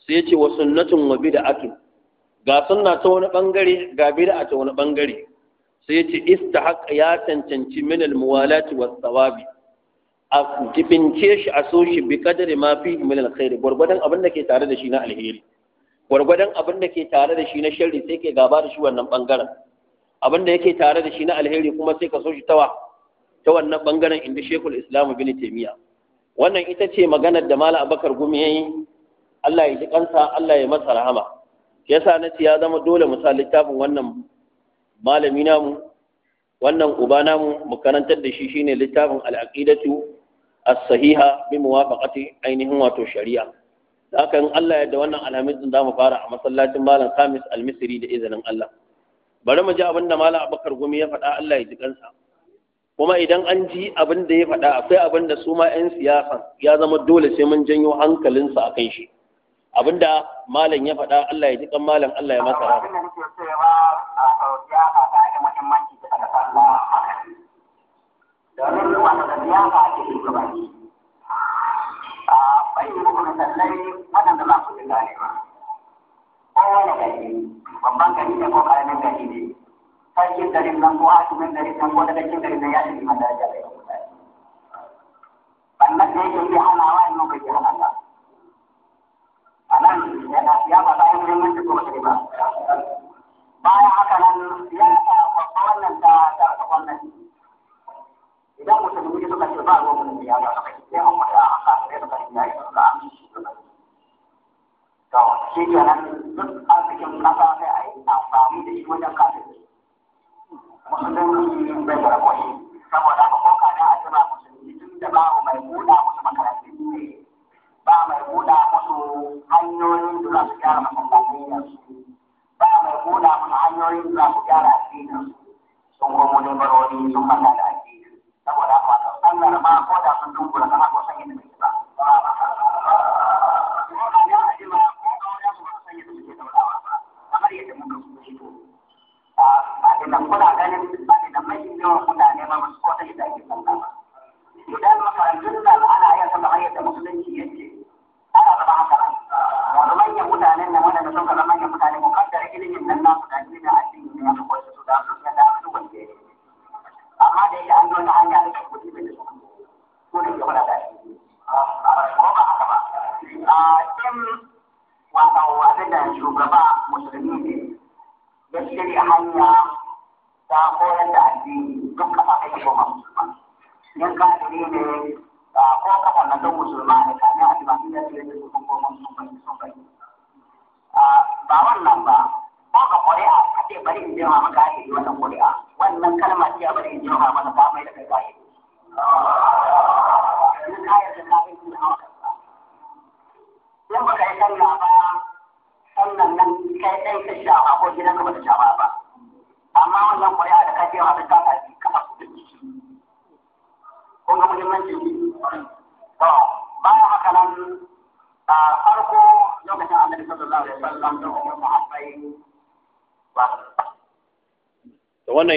sai yace wa sunnatun wa bid'atun ga sunna ta wani bangare ga bid'a ta wani bangare sai yace istahaq ya tantance min al-muwalati was sawabi a jibince shi a so shi bi kadari ma fi min al-khair gurgurdan abin da ke tare da shi na alheri gwargwadon abin da ke tare da shi na sharri sai ke gaba da shi wannan bangaren abin da yake tare da shi na alheri kuma sai ka so shi ta wannan bangaren inda shekul islamu bin taimiya wannan ita ce maganar da mala abakar gumi ya yi allah ya ji kansa allah ya masa rahama yasa na ce ya zama dole mu sa littafin wannan malami namu wannan uba namu mu karantar da shi shine littafin al'aqidatu as-sahiha bi muwafaqati ainihin wato shari'a da aka yin Allah yadda wannan alhamis za mu fara a masallacin malam Khamis Al-Misri da izinin Allah bari mu ji abin da malam Abubakar Gumi ya faɗa Allah ya ji kansa kuma idan an ji abin da ya faɗa akwai abin da su ma 'yan siyasan ya zama dole sai mun janyo hankalinsa a kai shi abin da malam ya faɗa Allah ya ji kan malam Allah ya masa rahama abin da nake cewa a siyasa ta da muhimmanci da ta samu domin wanda siyasa ake shugabanci bai yi muku misalai waɗanda ba ku jin gane ba. Kowane gari, babban gari ne ko ƙaramin gari ne, sarkin garin nan ko hakimin garin nan ko dagacin garin nan ya shi liman da ya Ban Wannan da yake yi hanawa ya nuka ke hana ba. A nan yana siya ba bayan muhimmanci ko sai ba. Bayan haka nan ya ta babba wannan ta ta gwamnati. za mu ta dubi suka ce ba ruwan mun biya ba suka ce sai an mata a haka sai suka ce yayi suka to shi kenan duk arzikin kasa sai a yi amfani da shi wajen kafin musulunci bai da raboshi saboda haka ko kada a ce ba musulunci tun da babu mai buɗa musu makarantu ba mai buɗa musu hanyoyin da za su gyara masallatai ba mai buɗa musu hanyoyin da za su gyara addinin sun kuma ne barori sun da saboda haka Allah na ma ko da sun dunkula kana ko san yadda suke ba ya ajima ko suke taurawa ba kamar yadda muka fito a ah, ina kuna ganin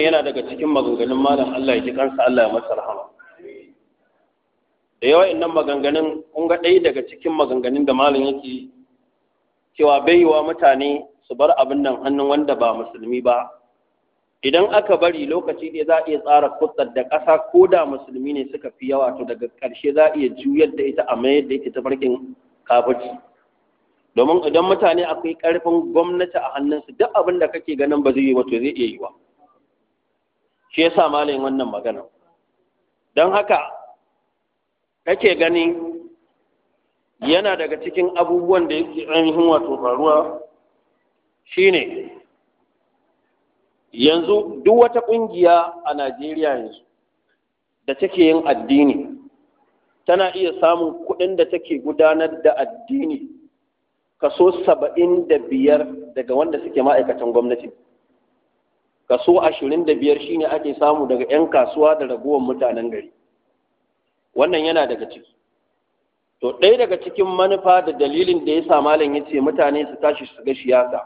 wannan yana daga cikin maganganun malam Allah ya ji kansa Allah ya masa rahama da yawa nan maganganun kun ga ɗaya daga cikin maganganun da malam yake cewa baiwa mutane su bar abin nan hannun wanda ba musulmi ba idan aka bari lokaci ne za a iya tsara kutsar da ƙasa ko da musulmi ne suka fi yawa to daga ƙarshe za a iya juyar da ita a mayar da ita tafarkin kafirci domin idan mutane akwai ƙarfin gwamnati a hannunsu duk abin da kake ganin ba zai yi ba to zai iya yi wa shi yasa malamin wannan magana don haka kake gani yana daga cikin abubuwan da yake ainihin wato faruwa shine yanzu duk wata ƙungiya a najeriya yanzu da take yin addini tana iya samun kuɗin da take gudanar da addini kaso saba'in da biyar daga wanda suke ma'aikatan gwamnati kaso ashirin da biyar shine ake samu daga 'yan kasuwa da ragowar mutanen gari wannan yana daga ciki to ɗaya daga cikin manufa da dalilin da ya sa malam ya ce mutane su tashi su ga siyasa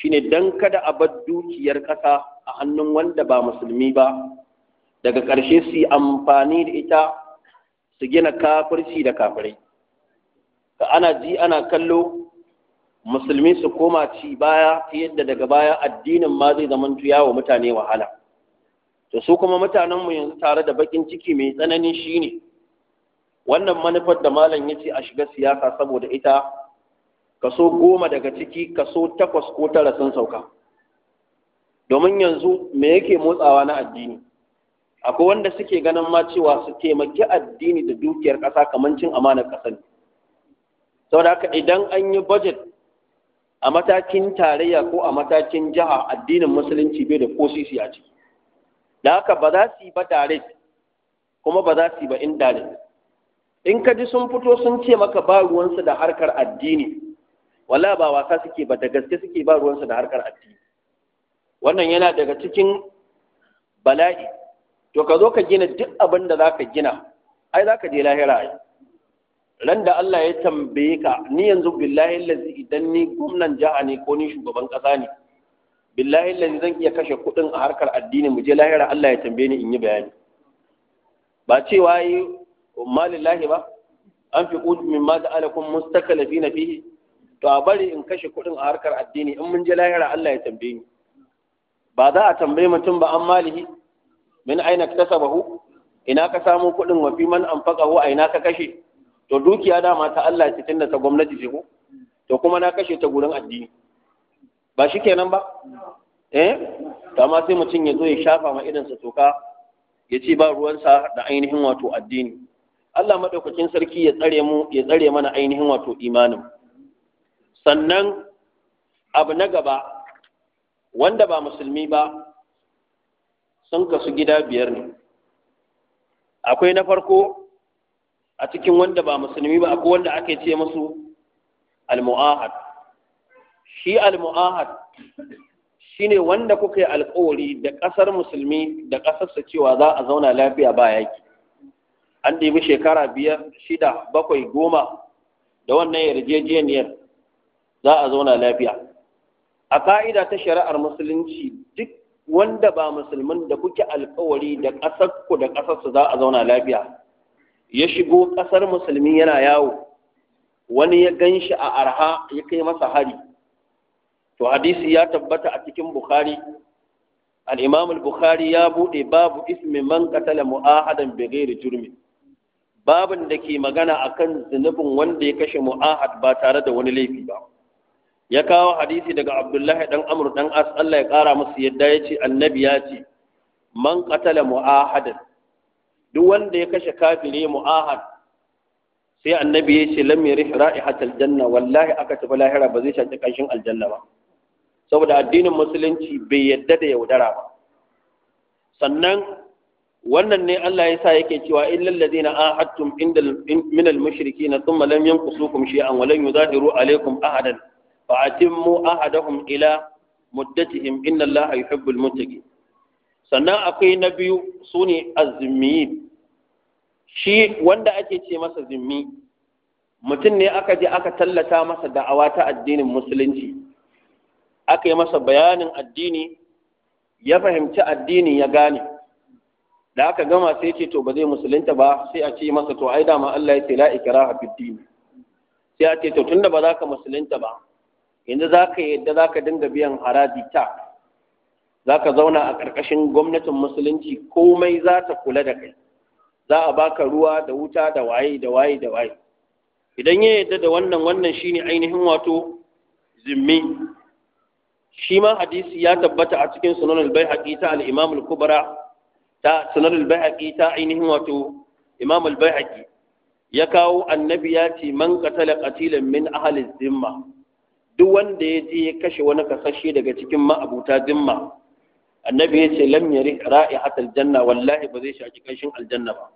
shine dan kada a bar dukiyar ƙasa a hannun wanda ba musulmi ba daga ƙarshe su yi amfani da ita su gina kafirci da kafirai ka ana ji ana kallo musulmi su koma ci baya ta yadda daga baya addinin ma zai zama tuya wa mutane wahala to su kuma mutanenmu yanzu tare da bakin ciki mai tsanani shine wannan manufar da malam ya ce a shiga siyasa saboda ita kaso goma daga ciki kaso takwas ko tara sun sauka domin yanzu me yake motsawa na addini akwai wanda suke ganin ma cewa su taimaki addini da dukiyar ƙasa kamar cin amanar ƙasar saboda haka idan an yi budget a matakin tarayya ko a matakin jiha addinin musulunci bai da ko sisi a ciki da haka ba za su yi ba tare kuma ba za su yi ba dare in ka ji sun fito sun ce maka ba ruwansu da harkar addini wala ba wasa suke ba da gaske suke ba ruwansu da harkar addini wannan yana daga cikin bala'i to ka zo ka gina duk abin da za ka gina ai za ka je lahira ai ran da Allah ya tambaye ka ni yanzu billahi lazi idan ni gwamnan jaha ne ko ni shugaban kasa ne billahi lazi zan iya kashe kuɗin a harkar addini mu je lahira Allah ya tambaye ni in yi bayani ba cewa yi malillahi ba an fi ƙudu min ma ja'alakum mustakalafi na fihi to a bari in kashe kuɗin a harkar addini in mun je lahira Allah ya tambaye ni ba za a tambaye mutum ba an malihi min aina kasabahu ina ka samu kuɗin wa fi man anfaqahu a ina ka kashe to dukiya dama ta Allah ce tunda ta gwamnati ce ko to kuma na kashe ta gurin addini ba shi kenan ba eh to amma sai mutum ya zo ya shafa ma idan sa toka ya ce ba ruwansa da ainihin wato addini Allah madaukakin sarki ya tsare mu ya tsare mana ainihin wato imanin sannan abu na gaba wanda ba musulmi ba sun kasu gida biyar ne akwai na farko a cikin wanda ba musulmi ba akwai wanda ake ce musu almu'ahad shi almu'ahad shine wanda kuka yi alkawari da ƙasar musulmi da ƙasarsa cewa za a zauna lafiya ba yaki an ɗebi shekara biyar shida bakwai goma da wannan yarjejeniyar za a zauna lafiya a ka'ida ta shari'ar musulunci duk wanda ba musulmin da kuke alkawari da ku da ƙasarsa za a zauna lafiya ya shigo ƙasar musulmi yana yawo wani ya gan shi a arha ya kai masa hari to hadisi ya tabbata a cikin bukhari al-imam al-bukhari ya bude babu ismi man qatala mu'ahadan bi ghairi jurmi babin da ke magana akan zunubin wanda ya kashe mu'ahad ba tare da wani laifi ba ya kawo hadisi daga abdullahi dan amr dan as Allah ya kara musu yadda ya ce annabi ya ce man qatala mu'ahadan duk wanda ya kashe kafire mu'ahad sai annabi ya ce lam yarih ra'ihatal janna wallahi aka tafi lahira ba zai shaki kanshin aljanna ba saboda addinin musulunci bai yadda da yaudara ba sannan wannan ne Allah ya sa yake cewa illal ladina ahadtum inda min al mushrikin thumma lam yanqusukum shay'an wa lam yuzahiru alaykum ahadan fa atimmu ahadahum ila muddatihim inna Allah yuhibbul muttaqin sannan akwai na biyu su ne azumi shi wanda ake ce masa zimmi mutum ne aka je aka tallata masa da'awa ta addinin musulunci aka yi masa bayanin addini ya fahimci addini ya gane da aka gama sai ce to ba zai musulunta ba sai a ce masa to ai dama Allah ya ce la ikraha fid din sai a ce to tunda ba za ka musulunta ba yanzu za ka yadda za ka dinga biyan haraji ta za ka zauna a ƙarƙashin gwamnatin musulunci komai za ta kula da kai za a baka ruwa da wuta da waye da waye da waye idan ya yadda da wannan wannan shine ainihin wato zimmi shi ma hadisi ya tabbata a cikin sunan bai haƙi ta al-imam al-kubra ta sunan ta ainihin wato imamul al haƙi. ya kawo annabi ya ce man qatala qatilan min ahli zimma duk wanda ya je ya kashe wani kasashe daga cikin ma'abuta zimma annabi ya ce lam yari ra'ihatal janna wallahi ba zai shaki kanshin aljanna ba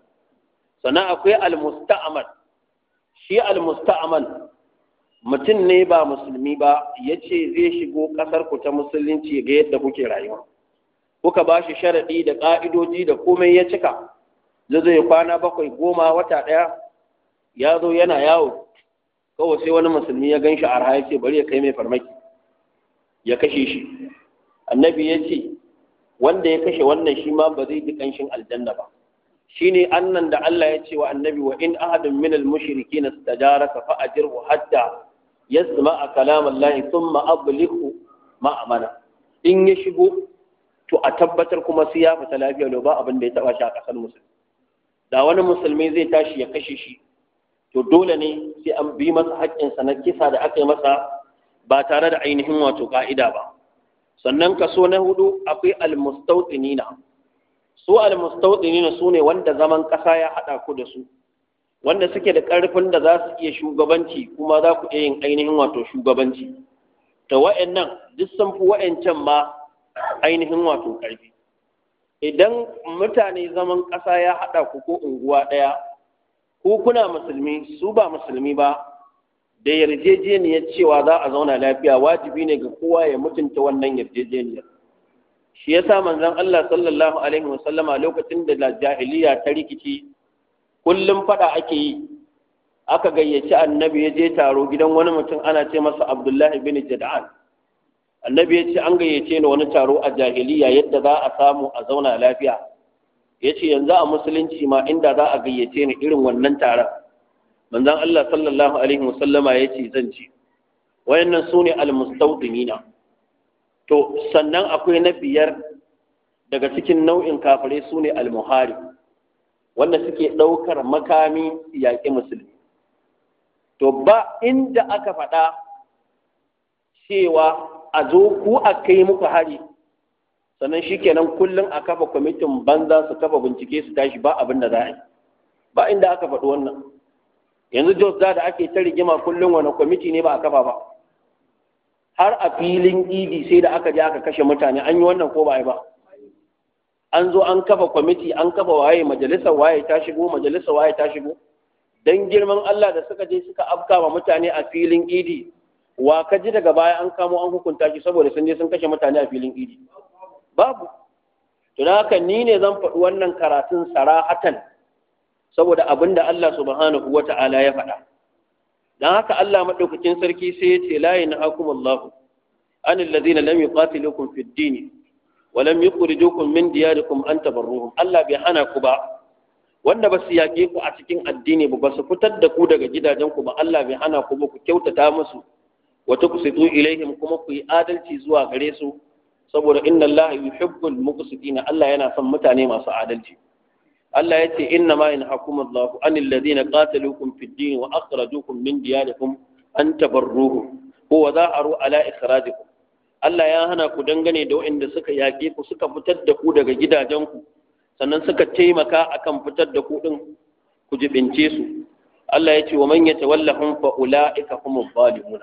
sannan akwai almusta'mal shi almusta'mal mutum ne ba musulmi ba ya ce zai shigo ƙasar ku ta musulunci ga yadda kuke rayuwa kuka ba shi sharaɗi da ƙa'idoji da komai ya cika zai zai kwana bakwai goma wata ɗaya ya zo yana yawo kawai sai wani musulmi ya gan shi arha ya ce bari ya kai mai farmaki ya kashe shi annabi ya ce wanda ya kashe wannan shi ma ba zai ji kanshin aljanna ba shine annan da Allah ya ce wa annabi wa in ahadun min al-mushrikeena istajaraka fa ajirhu hatta yasma'a kalam Allah thumma ablighu ma'amana in ya shigo to a tabbatar kuma sai ya fita lafiya ba abin da ya taba shi a kasar musulmi da wani musulmi zai tashi ya kashe shi to dole ne sai an bi masa haƙƙinsa na kisa da aka yi masa ba tare da ainihin wato ka'ida ba sannan kaso na hudu akwai almustautinina su almustautinina su ne wanda zaman ƙasa ya haɗa ku da su wanda suke da ƙarfin da za su iya shugabanci kuma za ku iya yin ainihin wato shugabanci ta wa'annan duk sun fi wa'ancan ma ainihin wato ƙarfi idan mutane zaman ƙasa ya haɗa ku ko unguwa ɗaya ku kuna musulmi su ba musulmi ba da yarjejeniyar cewa za a zauna lafiya wajibi ne ga kowa ya mutunta wannan yarjejeniyar shi yasa manzon Allah sallallahu alaihi wasallama lokacin da jahiliya ta rikici kullum fada ake yi aka gayyaci annabi ya je taro gidan wani mutum ana ce masa Abdullahi bin Jad'an annabi ya ce an gayyace ni wani taro a jahiliya yadda za a samu a zauna lafiya ya ce yanzu a musulunci ma inda za a gayyace ni irin wannan taron manzon Allah sallallahu alaihi wasallama yace zan ci wayannan sune almustawdimina to sannan akwai na biyar daga cikin nau'in kafirai sune almuhari wanda suke ɗaukar makami yaƙi musulmi to ba inda aka faɗa cewa a zo ku a kai muku hari sannan shikenan kullum a kafa kwamitin banza su kafa bincike su tashi ba abin da za a yi ba inda aka faɗi wannan yanzu jos da ake ta rigima kullum wani kwamiti ne ba a kafa ba har a filin idi sai da aka je aka kashe mutane an yi wannan ko ba ba an zo an kafa kwamiti an kafa waye Majalisa waye ta shigo majalisa waye ta shigo dan girman Allah da suka je suka afka wa mutane a filin idi wa ka ji daga baya an kamo an hukunta shi saboda sun je sun kashe mutane a filin idi babu to haka ni ne zan faɗi wannan karatun sarahatan saboda abinda da Allah subhanahu wa ta'ala ya faɗa don haka Allah maɗaukakin sarki sai ya ce layi na hakum Allah an allazina lam yuqatilukum fid din wa lam yukhrijukum min diyarikum an tabarruhum Allah bai hana ku ba wanda ba su yaƙe ku a cikin addini ba ba su fitar da ku daga gidajen ku ba Allah bai hana ku ba ku kyautata musu wa tuqsitu ilaihim kuma ku yi adalci zuwa gare su saboda inna Allah yuhibbul muqsitina Allah yana son mutane masu adalci Allah ya ce inna ma yanhaakum Allah an alladhina qataluukum fid din wa akhrajukum min diyarikum an tabarruhum ko wa za'aru ala ikhrajikum Allah ya hana ku dangane da waɗanda suka yaƙe ku suka fitar da ku daga gidajenku sannan suka taimaka akan fitar da ku din ku jibince su Allah ya ce wa man yatawallahum fa ulaika humuz zalimun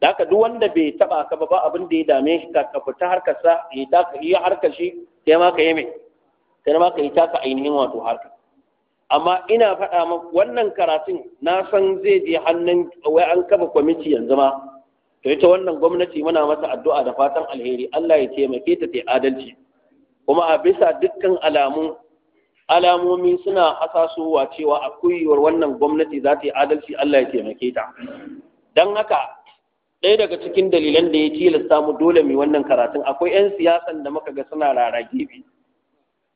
da haka duk wanda bai taba ka ba abin da ya dame shi ka fita harkar sa ya yi harkar shi sai ma ka yi mai sai ma ka yi taka ainihin wato harka amma ina faɗa ma wannan karatun na san zai je hannun wai an kafa kwamiti yanzu ma to ita wannan gwamnati muna masa addu'a da fatan alheri Allah ya taimake ta ta adalci kuma a bisa dukkan alamu alamomi suna hasasowa cewa a wannan gwamnati za ta yi adalci Allah ya taimake ta dan haka ɗaya daga cikin dalilan da ya tilasta mu dole mu wannan karatun akwai 'yan siyasan da muka ga suna rara gefe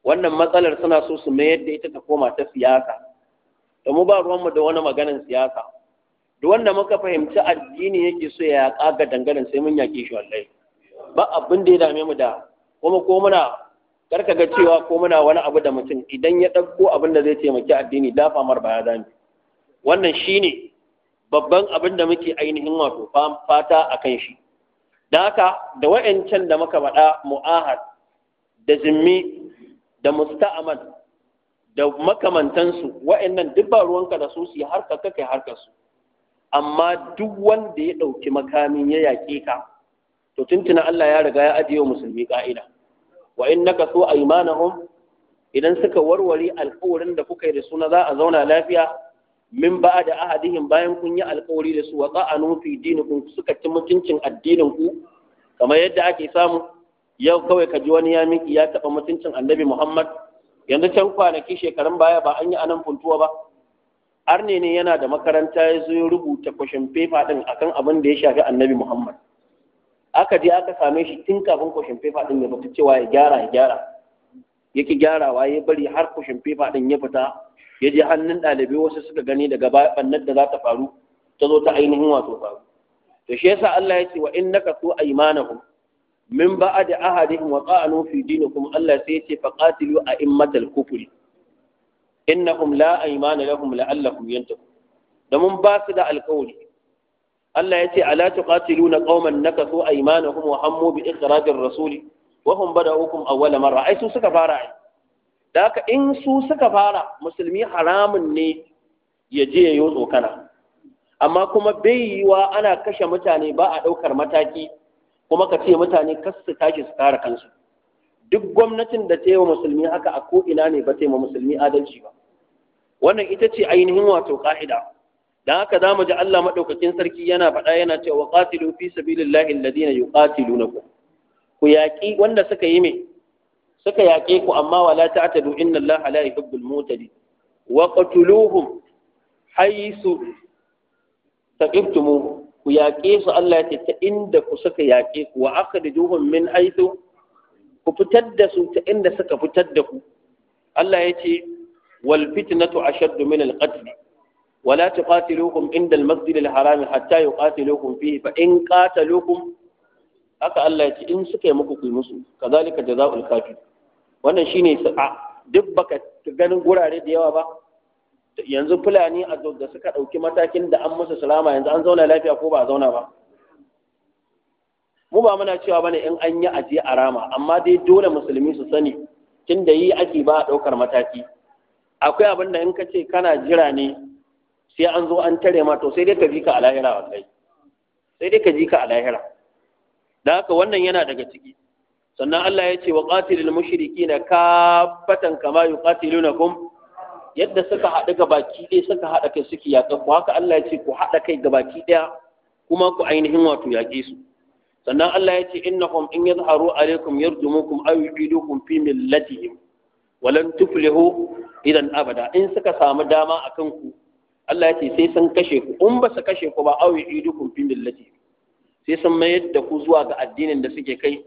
wannan matsalar suna so su mayar da ita ta koma ta siyasa da mu ba ruwanmu da wani maganin siyasa duk wanda muka fahimci addini yake so ya yaƙa ga dangaren sai mun yaƙe shi wallahi ba abin da ya dame mu da kuma ko muna karka ga cewa ko muna wani abu da mutum idan ya ɗauko abin da zai taimaki addini dafa mar baya zami wannan shine babban abin da muke ainihin wato fata a kan shi da haka da wa'ancan da muka faɗa mu'ahad da zimmi da musta'aman da makamantansu wa'annan duk ba ruwanka da su su harka ka kai harkar su amma duk wanda ya ɗauki makamin ya yaƙe ka to tuntuna Allah ya riga ya ajiye musulmi ka'ida wa in naka so aymanahum idan suka warware alƙawarin da kuka yi da su na za a zauna lafiya min ba da ahadihim bayan kun yi alƙawari da su wa ta'anu dini dinikum suka ci mutuncin addinin ku kamar yadda ake samu yau kawai ka ji wani ya miki ya taɓa mutuncin annabi muhammad yanzu can kwanaki shekarun baya ba an yi anan funtuwa ba arne ne yana da makaranta ya zo ya rubuta kwashin fefa ɗin akan abin da ya shafi annabi muhammad aka je aka same shi tun kafin kwashin fefa ɗin ya fita cewa ya gyara ya gyara yake gyarawa ya bari har kwashin fefa ɗin ya fita ya je hannun ɗalibai wasu suka gani daga bannan da za ta faru ta zo ta ainihin wato faru to shi yasa Allah ya ce wa so a aymanahum min ba'adi ahadihim wa qa'anu fi dinikum Allah sai ya ce fa qatilu a'immatal kufri innahum la aymana lahum la'allahum yantahu da mun ba su da alƙawari Allah ya ce ala tuqatiluna qauman nakasu aymanahum wa hammu bi ikhrajir rasul wa hum bada'ukum awwal marra ai su suka fara ai da haka in su suka fara musulmi haramun ne ya je ya yi tsokana amma kuma bai yiwa ana kashe mutane ba a ɗaukar mataki kuma ka ce mutane kas su tashi su kare kansu duk gwamnatin da ta yi wa musulmi haka a ko'ina ne ba ta yi wa musulmi adalci ba wannan ita ce ainihin wato ka'ida Da haka za mu ji Allah maɗaukakin sarki yana faɗa yana cewa qatilu fi sabilillahi alladhina yuqatilunakum ku yaƙi wanda suka yi me suka yaƙe ku amma wala ta'tadu inna Allah la yuhibbul mutadi wa qatuluhum haythu taqibtumuhum ku yaƙe su Allah ya ce ta inda ku suka yaƙe ku wa aka da juhun min haitu ku fitar da su ta inda suka fitar da ku Allah ya ce wal fitnatu ashaddu min al qatl wa la tuqatiluhum inda al masjid al haram hatta yuqatiluhum fihi fa in qataluhum haka Allah ya ce in suka yi muku ku yi musu kazalika jazaa'ul kafir wannan shine duk baka ganin gurare da yawa ba yanzu fulani a da suka ɗauki matakin da an musu salama yanzu an zauna lafiya ko ba a zauna ba mu ba muna cewa bane in an yi ajiye a rama amma dai dole musulmi su sani tun da yi ake ba a ɗaukar mataki akwai abin da in ka ce kana jira ne sai an zo an tare ma to sai dai ka ji ka a lahira kai sai dai ka ji ka a da haka wannan yana daga ciki sannan Allah ya ce wa qatilul mushrikina kafatan kama yuqatilunakum yadda suka haɗu ga baki ɗaya suka haɗa kai suke yaƙa ku haka Allah ya ce ku haɗa kai ga baki ɗaya kuma ku ainihin wato yaƙe su sannan Allah ya ce innahum in yadharu alaikum yarjumukum aw yu'idukum fi millatihim walan tuflihu idan abada in suka samu dama a kanku Allah ya ce sai sun kashe ku in ba su kashe ku ba aw yu'idukum fi millati sai sun mayar da ku zuwa ga addinin da suke kai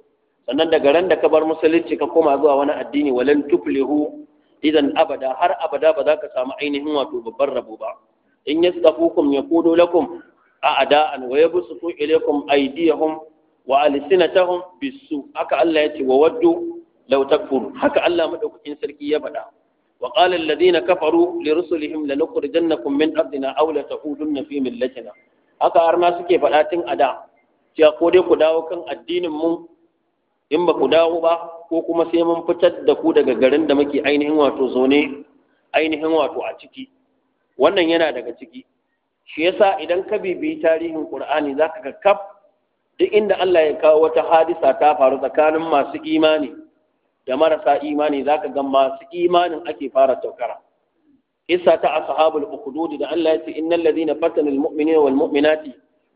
sannan daga ran da ka bar musulunci ka koma zuwa wani addini walan tuflihu idan abada har abada ba za ka samu ainihin wato babban rabo ba in yastafukum yakunu lakum a'da'an wa yabsutu ilaykum aydiyahum wa alsinatahum bisu haka Allah ce wa waddu law takfuru haka Allah madaukakin sarki ya faɗa wa qala alladhina kafaru li rusulihim lanukhrijannakum min ardina aw la ta'udunna fi millatina haka arna suke faɗa tun ada cewa ko dai ku dawo kan addinin mu in ba ku dawo ba ko kuma sai mun fitar da ku daga garin da muke ainihin wato zaune ainihin wato a ciki wannan yana daga ciki shi yasa idan ka bibiyi tarihin qur'ani zaka ga kaf duk inda Allah ya kawo wata hadisa ta faru tsakanin masu imani da marasa imani zaka ga masu imanin ake fara taukara isa ta ashabul ukhdud da Allah ya ce innal ladina fatanul mu'minina wal mu'minati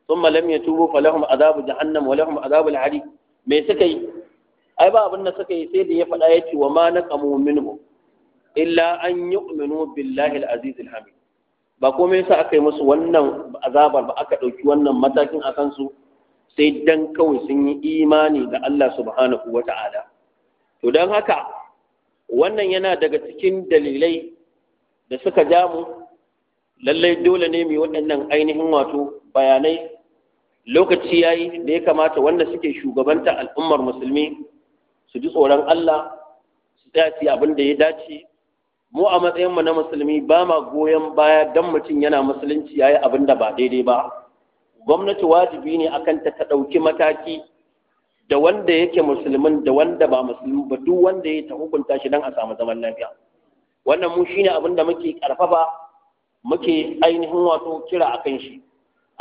thumma lam yatubu falahum adabu jahannam wa lahum adabul hadid me suka yi ai ba abin da suka yi sai da ya faɗa ya ce wa ma naqamu minimu illa an umarnu billahi al'aziz aziz ba komai yasa aka yi musu wannan azabar ba aka ɗauki wannan matakin a kansu sai dan kawai sun yi imani ga Allah subhanahu wa ta'ala to don haka wannan yana daga cikin dalilai da suka ja lallai dole ne mai waɗannan ainihin wato bayanai lokaci ya yi da ya kamata wanda suke shugabanta al'ummar musulmi su ji tsoron Allah su tsaya su abin da ya dace mu a matsayinmu na musulmi ba ma goyon baya don mutum yana musulunci ya yi abin da ba daidai ba gwamnati wajibi ne akan ta ta ɗauki mataki da wanda yake musulmin da wanda ba musulmi ba duk wanda ya ta hukunta shi don a samu zaman lafiya wannan mu shine abin da muke karfafa muke ainihin wato kira akan shi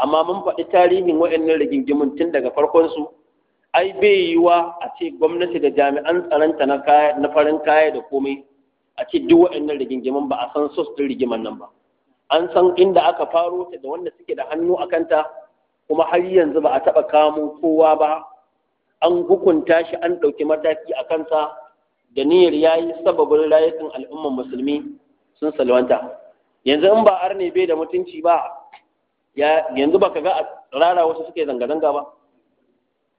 amma mun faɗi tarihin waɗannan rigingimin tun daga farkon su ai bai yiwa a ce gwamnati da jami'an tsaronta na farin kaya da komai a ce duk waɗannan rigingimin ba a san sos din rigiman nan ba an san inda aka faro ta da wanda suke da hannu a kanta kuma har yanzu ba a taɓa kamo kowa ba an hukunta shi an ɗauki mataki a kansa da niyyar ya yi sababin rayukan al'umman musulmi sun salwanta yanzu in ba arne bai da mutunci ba yanzu ba ka ga a rara wasu suke zanga-zanga ba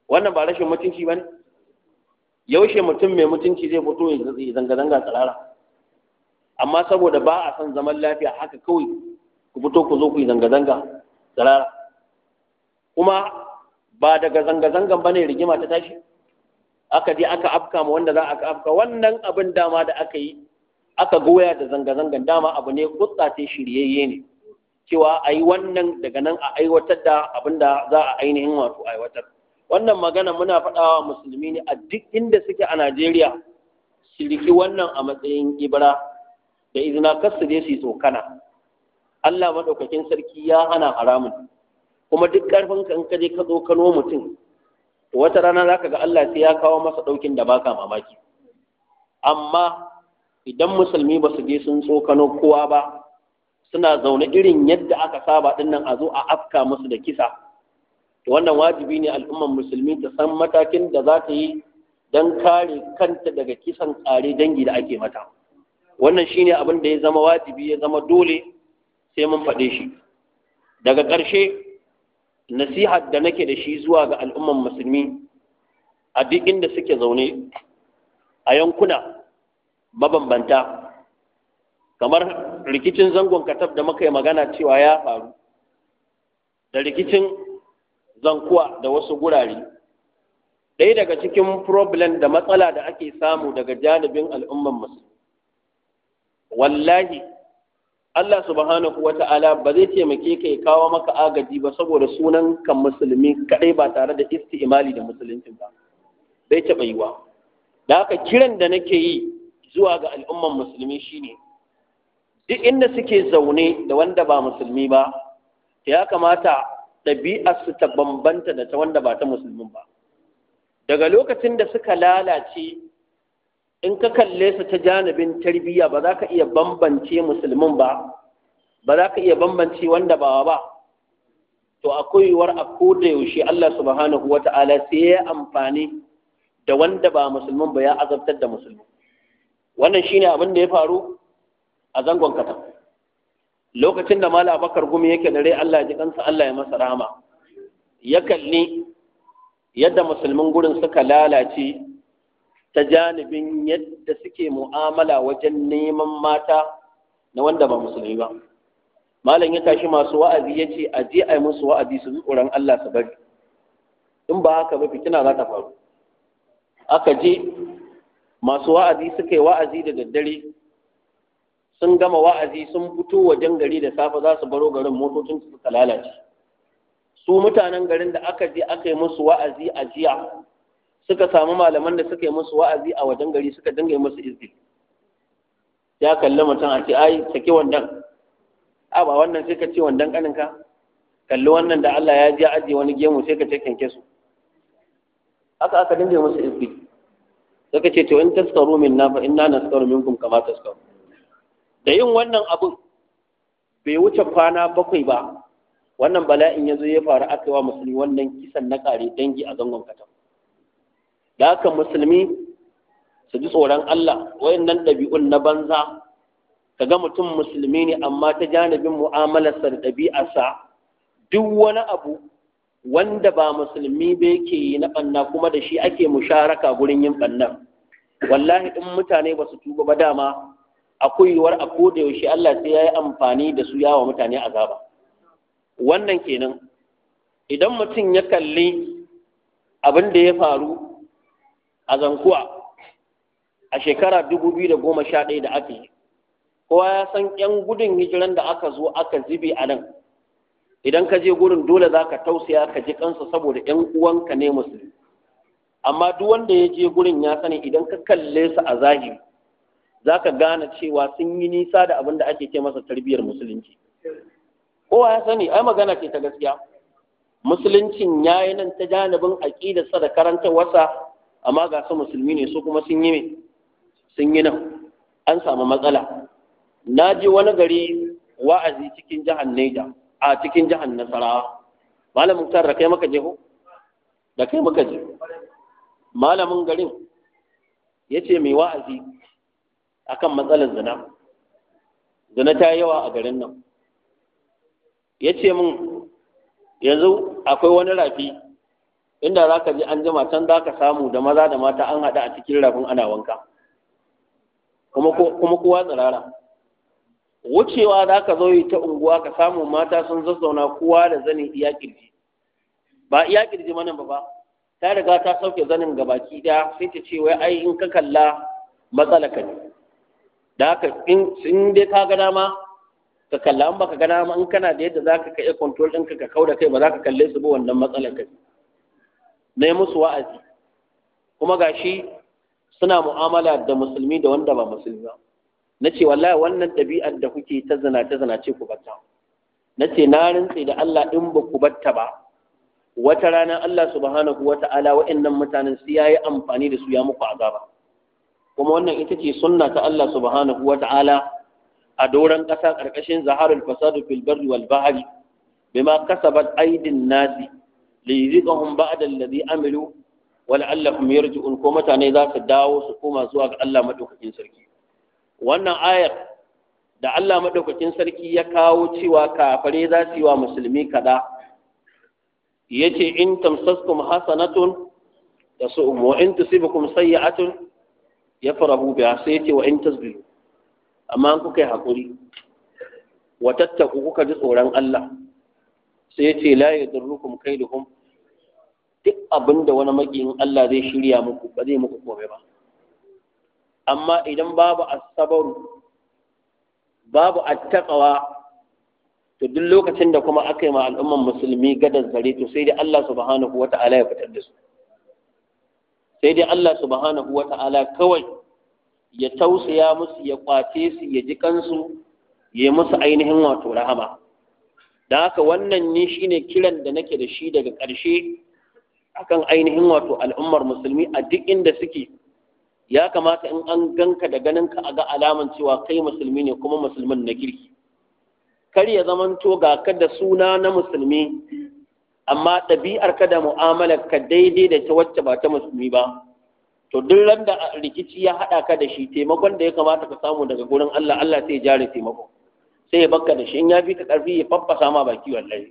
wannan ba rashin mutunci ba ne yaushe mutum mai mutunci zai fito ya zanga-zanga tsirara amma saboda ba a son zaman lafiya haka kawai ku fito ku zo ku yi zanga-zanga tsirara kuma ba daga zanga-zangan ba ne rigima ta tashi aka je aka afka ma wanda za a afka wannan abin dama da aka yi aka goya da zanga-zangan dama abu ne kutsa ta shiryayye ne cewa a yi wannan daga nan a aiwatar da abin da za a ainihin wato aiwatar wannan magana muna faɗawa musulmi ne a duk inda suke a Najeriya su riki wannan a matsayin ibra da izina kar su je su yi tsokana Allah maɗaukakin sarki ya hana haramun kuma duk ƙarfin ka in ka je ka tsokano mutum wata rana za ka ga Allah sai ya kawo masa ɗaukin da baka mamaki amma idan musulmi ba su je sun tsokano kowa ba suna zaune irin yadda aka saba ɗin nan a zo a afka musu da kisa wannan wajibi ne al'umman musulmi ta san matakin da za ta yi don kare kanta daga kisan tsare dangi da ake mata wannan shine abin da ya zama wajibi ya zama dole sai mun faɗe shi daga ƙarshe nasihar da nake da shi zuwa ga al'umman musulmi a duk inda suke zaune a yankuna mabambanta kamar rikicin zangon katab da muka yi magana cewa ya faru da rikicin zankuwa da wasu gurare ɗaya daga cikin problem da matsala da ake samu daga janibin al'umman musu wallahi Allah subhanahu wa ta'ala ba zai taimake ka ya kawo maka agaji ba saboda sunan kan musulmi kaɗai ba tare da isti'imali da musulunci ba bai taɓa yiwa da aka kiran da nake yi zuwa ga al'umman musulmi shine duk inda suke zaune da wanda ba musulmi ba ya kamata ɗabi'arsu su ta bambanta da ta wanda ba ta musulmin ba daga lokacin da suka lalace in ka kalle su ta janibin tarbiyya ba za ka iya bambance musulmin ba ba za ka iya bambance wanda ba ba to akwai war a koda yaushe Allah subhanahu wa Ta'ala sai ya amfani da wanda ba musulmin ba ya azabtar da musulmi wannan shine abin da ya faru a zangon katam lokacin da mala bakar gumi yake da rai Allah ya ji kansa Allah ya masa rahama ya kalli yadda musulmin gurin suka lalace ta janibin yadda suke mu'amala wajen neman mata na wanda ba musulmi ba malam ya tashi masu wa'azi ya ce a je ai musu wa'azi su tsoron Allah su bari in ba haka ba fitina za ta faru aka je masu wa'azi suka yi wa'azi da daddare sun gama wa'azi sun fito wajen gari da safe za su baro garin motocin su suka lalace su mutanen garin da aka je aka yi musu wa'azi a jiya suka samu malaman da suka yi musu wa'azi a wajen gari suka dinga musu izini ya kalli mutum a ce ai saki wandan a ba wannan sai ka ce wandan kaninka kalli wannan da Allah ya je aje wani gemu sai ka ce kenke su haka aka dinga musu izini suka ce to in min minna fa inna naskaru minkum kama taskaru da yin wannan abin bai wuce kwana bakwai ba wannan bala'in ya zo ya faru aka wa musulmi wannan kisan na kare dangi a zangon katam da haka musulmi su ji tsoron Allah wayannan ɗabi'un na banza Ka ga mutum musulmi ne amma ta janibin mu'amalarsa da ɗabi'arsa duk wani abu wanda ba musulmi ba yake yi na ɓanna kuma da shi ake musharaka gurin yin ɓannan wallahi in mutane ba su tuba ba dama akwai yiwuwar a koda yaushe Allah sai ya yi amfani da su yawa mutane a gaba. wannan kenan idan mutum ya kalli abin da ya faru a zankuwa a shekara 2011 da aka yi kowa ya san 'yan gudun hijiran da aka zo aka zube a nan idan ka je gurin dole za ka tausaya ka ji kansa saboda 'yan uwanka ne musulmi amma duk wanda ya je gurin ya sani idan ka kalle su a zahiri za ka gane cewa sun yi nisa da abin da ake ce masa tarbiyyar musulunci kowa ya sani ai magana ce ta gaskiya musuluncin ya yi nan ta janibin aƙidarsa da wasa. amma ga su musulmi ne su kuma sun yi sun yi nan an samu matsala na ji wani gari wa'azi cikin jihar Neja a cikin jihar Nasarawa malamin tarra kai maka jeho ko da kai maka je malamin garin ya ce mai wa'azi akan matsalar zina zina ta yawa a garin nan ya ce min yanzu akwai wani rafi inda za ka ji an jima can za ka samu da maza da mata an haɗu a cikin rafin ana wanka kuma kowa tsirara wucewa za ka zo yi ta unguwa ka samu mata sun zazzauna kowa da zanin iya kirji ba iya kirji mana ba ba ta riga ta sauke zanin gabaki ɗaya sai ta ce wai ai in ka kalla matsala ne da haka in dai ka ga dama ka kalla an baka ga dama in kana da yadda zaka ka iya control ɗinka ka kauda kai ba za ka kalle su ba wannan matsalar kai na musu wa'azi kuma gashi suna mu'amala da musulmi da wanda ba musulmi ba na ce wallahi wannan ɗabi'ar da kuke ta zina ta zina ce ku batta na ce na rintse da Allah in ba ku batta ba wata rana Allah subhanahu wa'in wa'annan mutanen su yayi amfani da su ya muku azaba kuma wannan ita ce sunna ta Allah subhanahu wata'ala a doron ƙasa ƙarƙashin zaharul fasadu fil barri wal bahri bima kasabat aidin nasi li yuzikahum ba'da alladhi amilu wa la'allahum yarji'un ko mutane za su dawo su koma zuwa ga Allah madaukakin sarki wannan ayar da Allah madaukakin sarki ya kawo cewa kafare za su yi wa musulmi kada yace in tamsaskum hasanatun tasu'um wa in tusibukum sayyi'atun ya farahu biya sai ya ce wa in tasbiru amma an kuka yi haƙuri wa tattaku kuka ji tsoron Allah sai ya ce la da kaiduhum duk abin da wani makiyin Allah zai shirya muku ba zai muku kome ba amma idan babu asabaru babu Attaƙawa, to duk lokacin da kuma aka yi ma al'umman musulmi gadar zare to sai dai Allah subhanahu wata'ala ya fitar da su sai dai Allah subhanahu wa ta'ala kawai ya tausaya musu ya kwace su ya ji kansu ya musu ainihin wato rahama da haka wannan ne shine kiran da nake da shi daga ƙarshe akan ainihin wato al'ummar musulmi a duk inda suke ya kamata in an ganka da ganin ka a ga alaman cewa kai musulmi ne kuma musulmin na girki. kar ya zamanto ga ka da suna na musulmi amma ɗabi'ar ka da mu'amalar ka daidai da ta wacce ba ta musulmi ba to duk randa rikici ya haɗa ka da shi taimakon da ya kamata ka samu daga gurin Allah Allah sai ya jare taimako sai ya bakka da shi in ya fi ka ƙarfi ya faffasa ma baki wallahi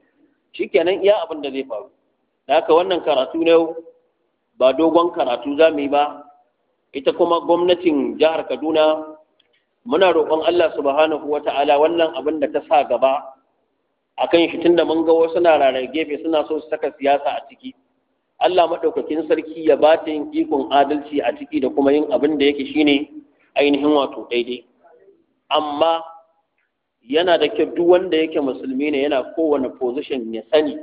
shikenan iya abin da zai faru da haka wannan karatu ne ba dogon karatu za mu yi ba ita kuma gwamnatin jihar Kaduna muna roƙon Allah subhanahu wata'ala wannan abin da ta sa gaba akan shi tunda mun ga wasu na rarar gefe suna so su saka siyasa a ciki Allah maɗaukakin sarki ya ba ta yin ikon adalci a ciki da kuma yin abin da yake shine ainihin wato daidai amma yana da kyau duk wanda yake musulmi ne yana kowane position ya sani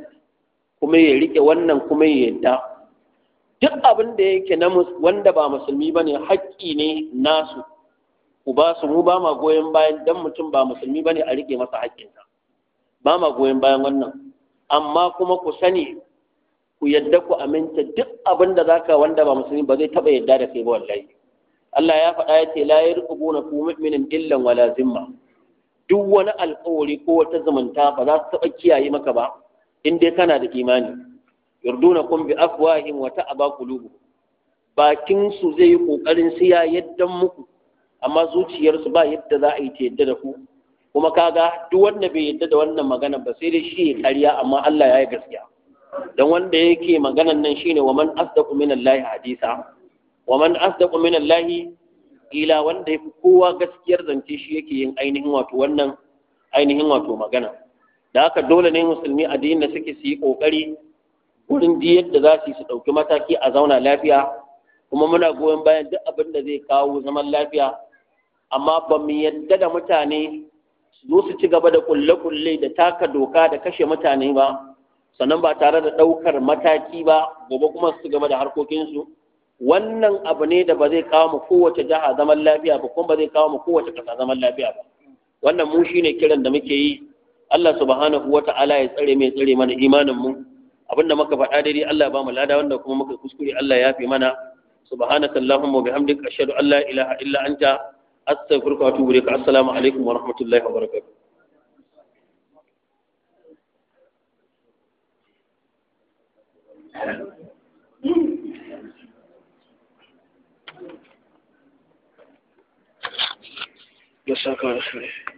kuma ya rike wannan kuma ya yadda duk abin da yake na wanda ba musulmi ba ne haƙƙi ne nasu ku ba su mu ba ma goyon bayan dan mutum ba musulmi ba ne a rike masa haƙƙinsa ba ma goyon bayan wannan amma kuma ku sani ku yadda ku aminta duk abin da zaka wanda ba musulmi ba zai taba yadda da kai ba wallahi Allah ya faɗa ya ce la yarqubuna fi mu'minin illan wala zimma duk wani alƙawari ko wata zumunta ba za su taɓa kiyaye maka ba in dai kana da imani kun bi afwahim wa ta'aba qulubu bakin su zai yi kokarin siya yaddan muku amma zuciyarsu ba yadda za a yi ta yadda da ku kuma kaga duk wanda bai yadda da wannan magana ba sai dai shi ƙarya amma Allah ya yi gaskiya dan wanda yake maganan nan shine wa man asdaqu minallahi hadisa wa asdaqu minallahi ila wanda yafi kowa gaskiyar zance shi yake yin ainihin wato wannan ainihin wato magana da haka dole ne musulmi addinin da suke su yi kokari wurin di yadda za su su dauki mataki a zauna lafiya kuma muna goyon bayan duk abin da zai kawo zaman lafiya amma ba mu yadda da mutane zo su ci gaba da kulle-kulle da taka doka da kashe mutane ba sannan ba tare da ɗaukar mataki ba gobe kuma su gaba da harkokinsu wannan abu ne da ba zai kawo mu kowace jiha zaman lafiya ba kuma ba zai kawo mu kowace ƙasa zaman lafiya ba wannan mu shi ne kiran da muke yi Allah subhanahu ala ya tsare mai tsare mana imanin mu abinda muka faɗa daidai Allah ba mu lada wanda kuma muka kuskure Allah ya fi mana subhanakallahumma wa bihamdika ashhadu an la ilaha illa anta astaghfiruka wa atubu ilaik assalamu alaikum wa rahmatullahi wa barakatuh Ya saka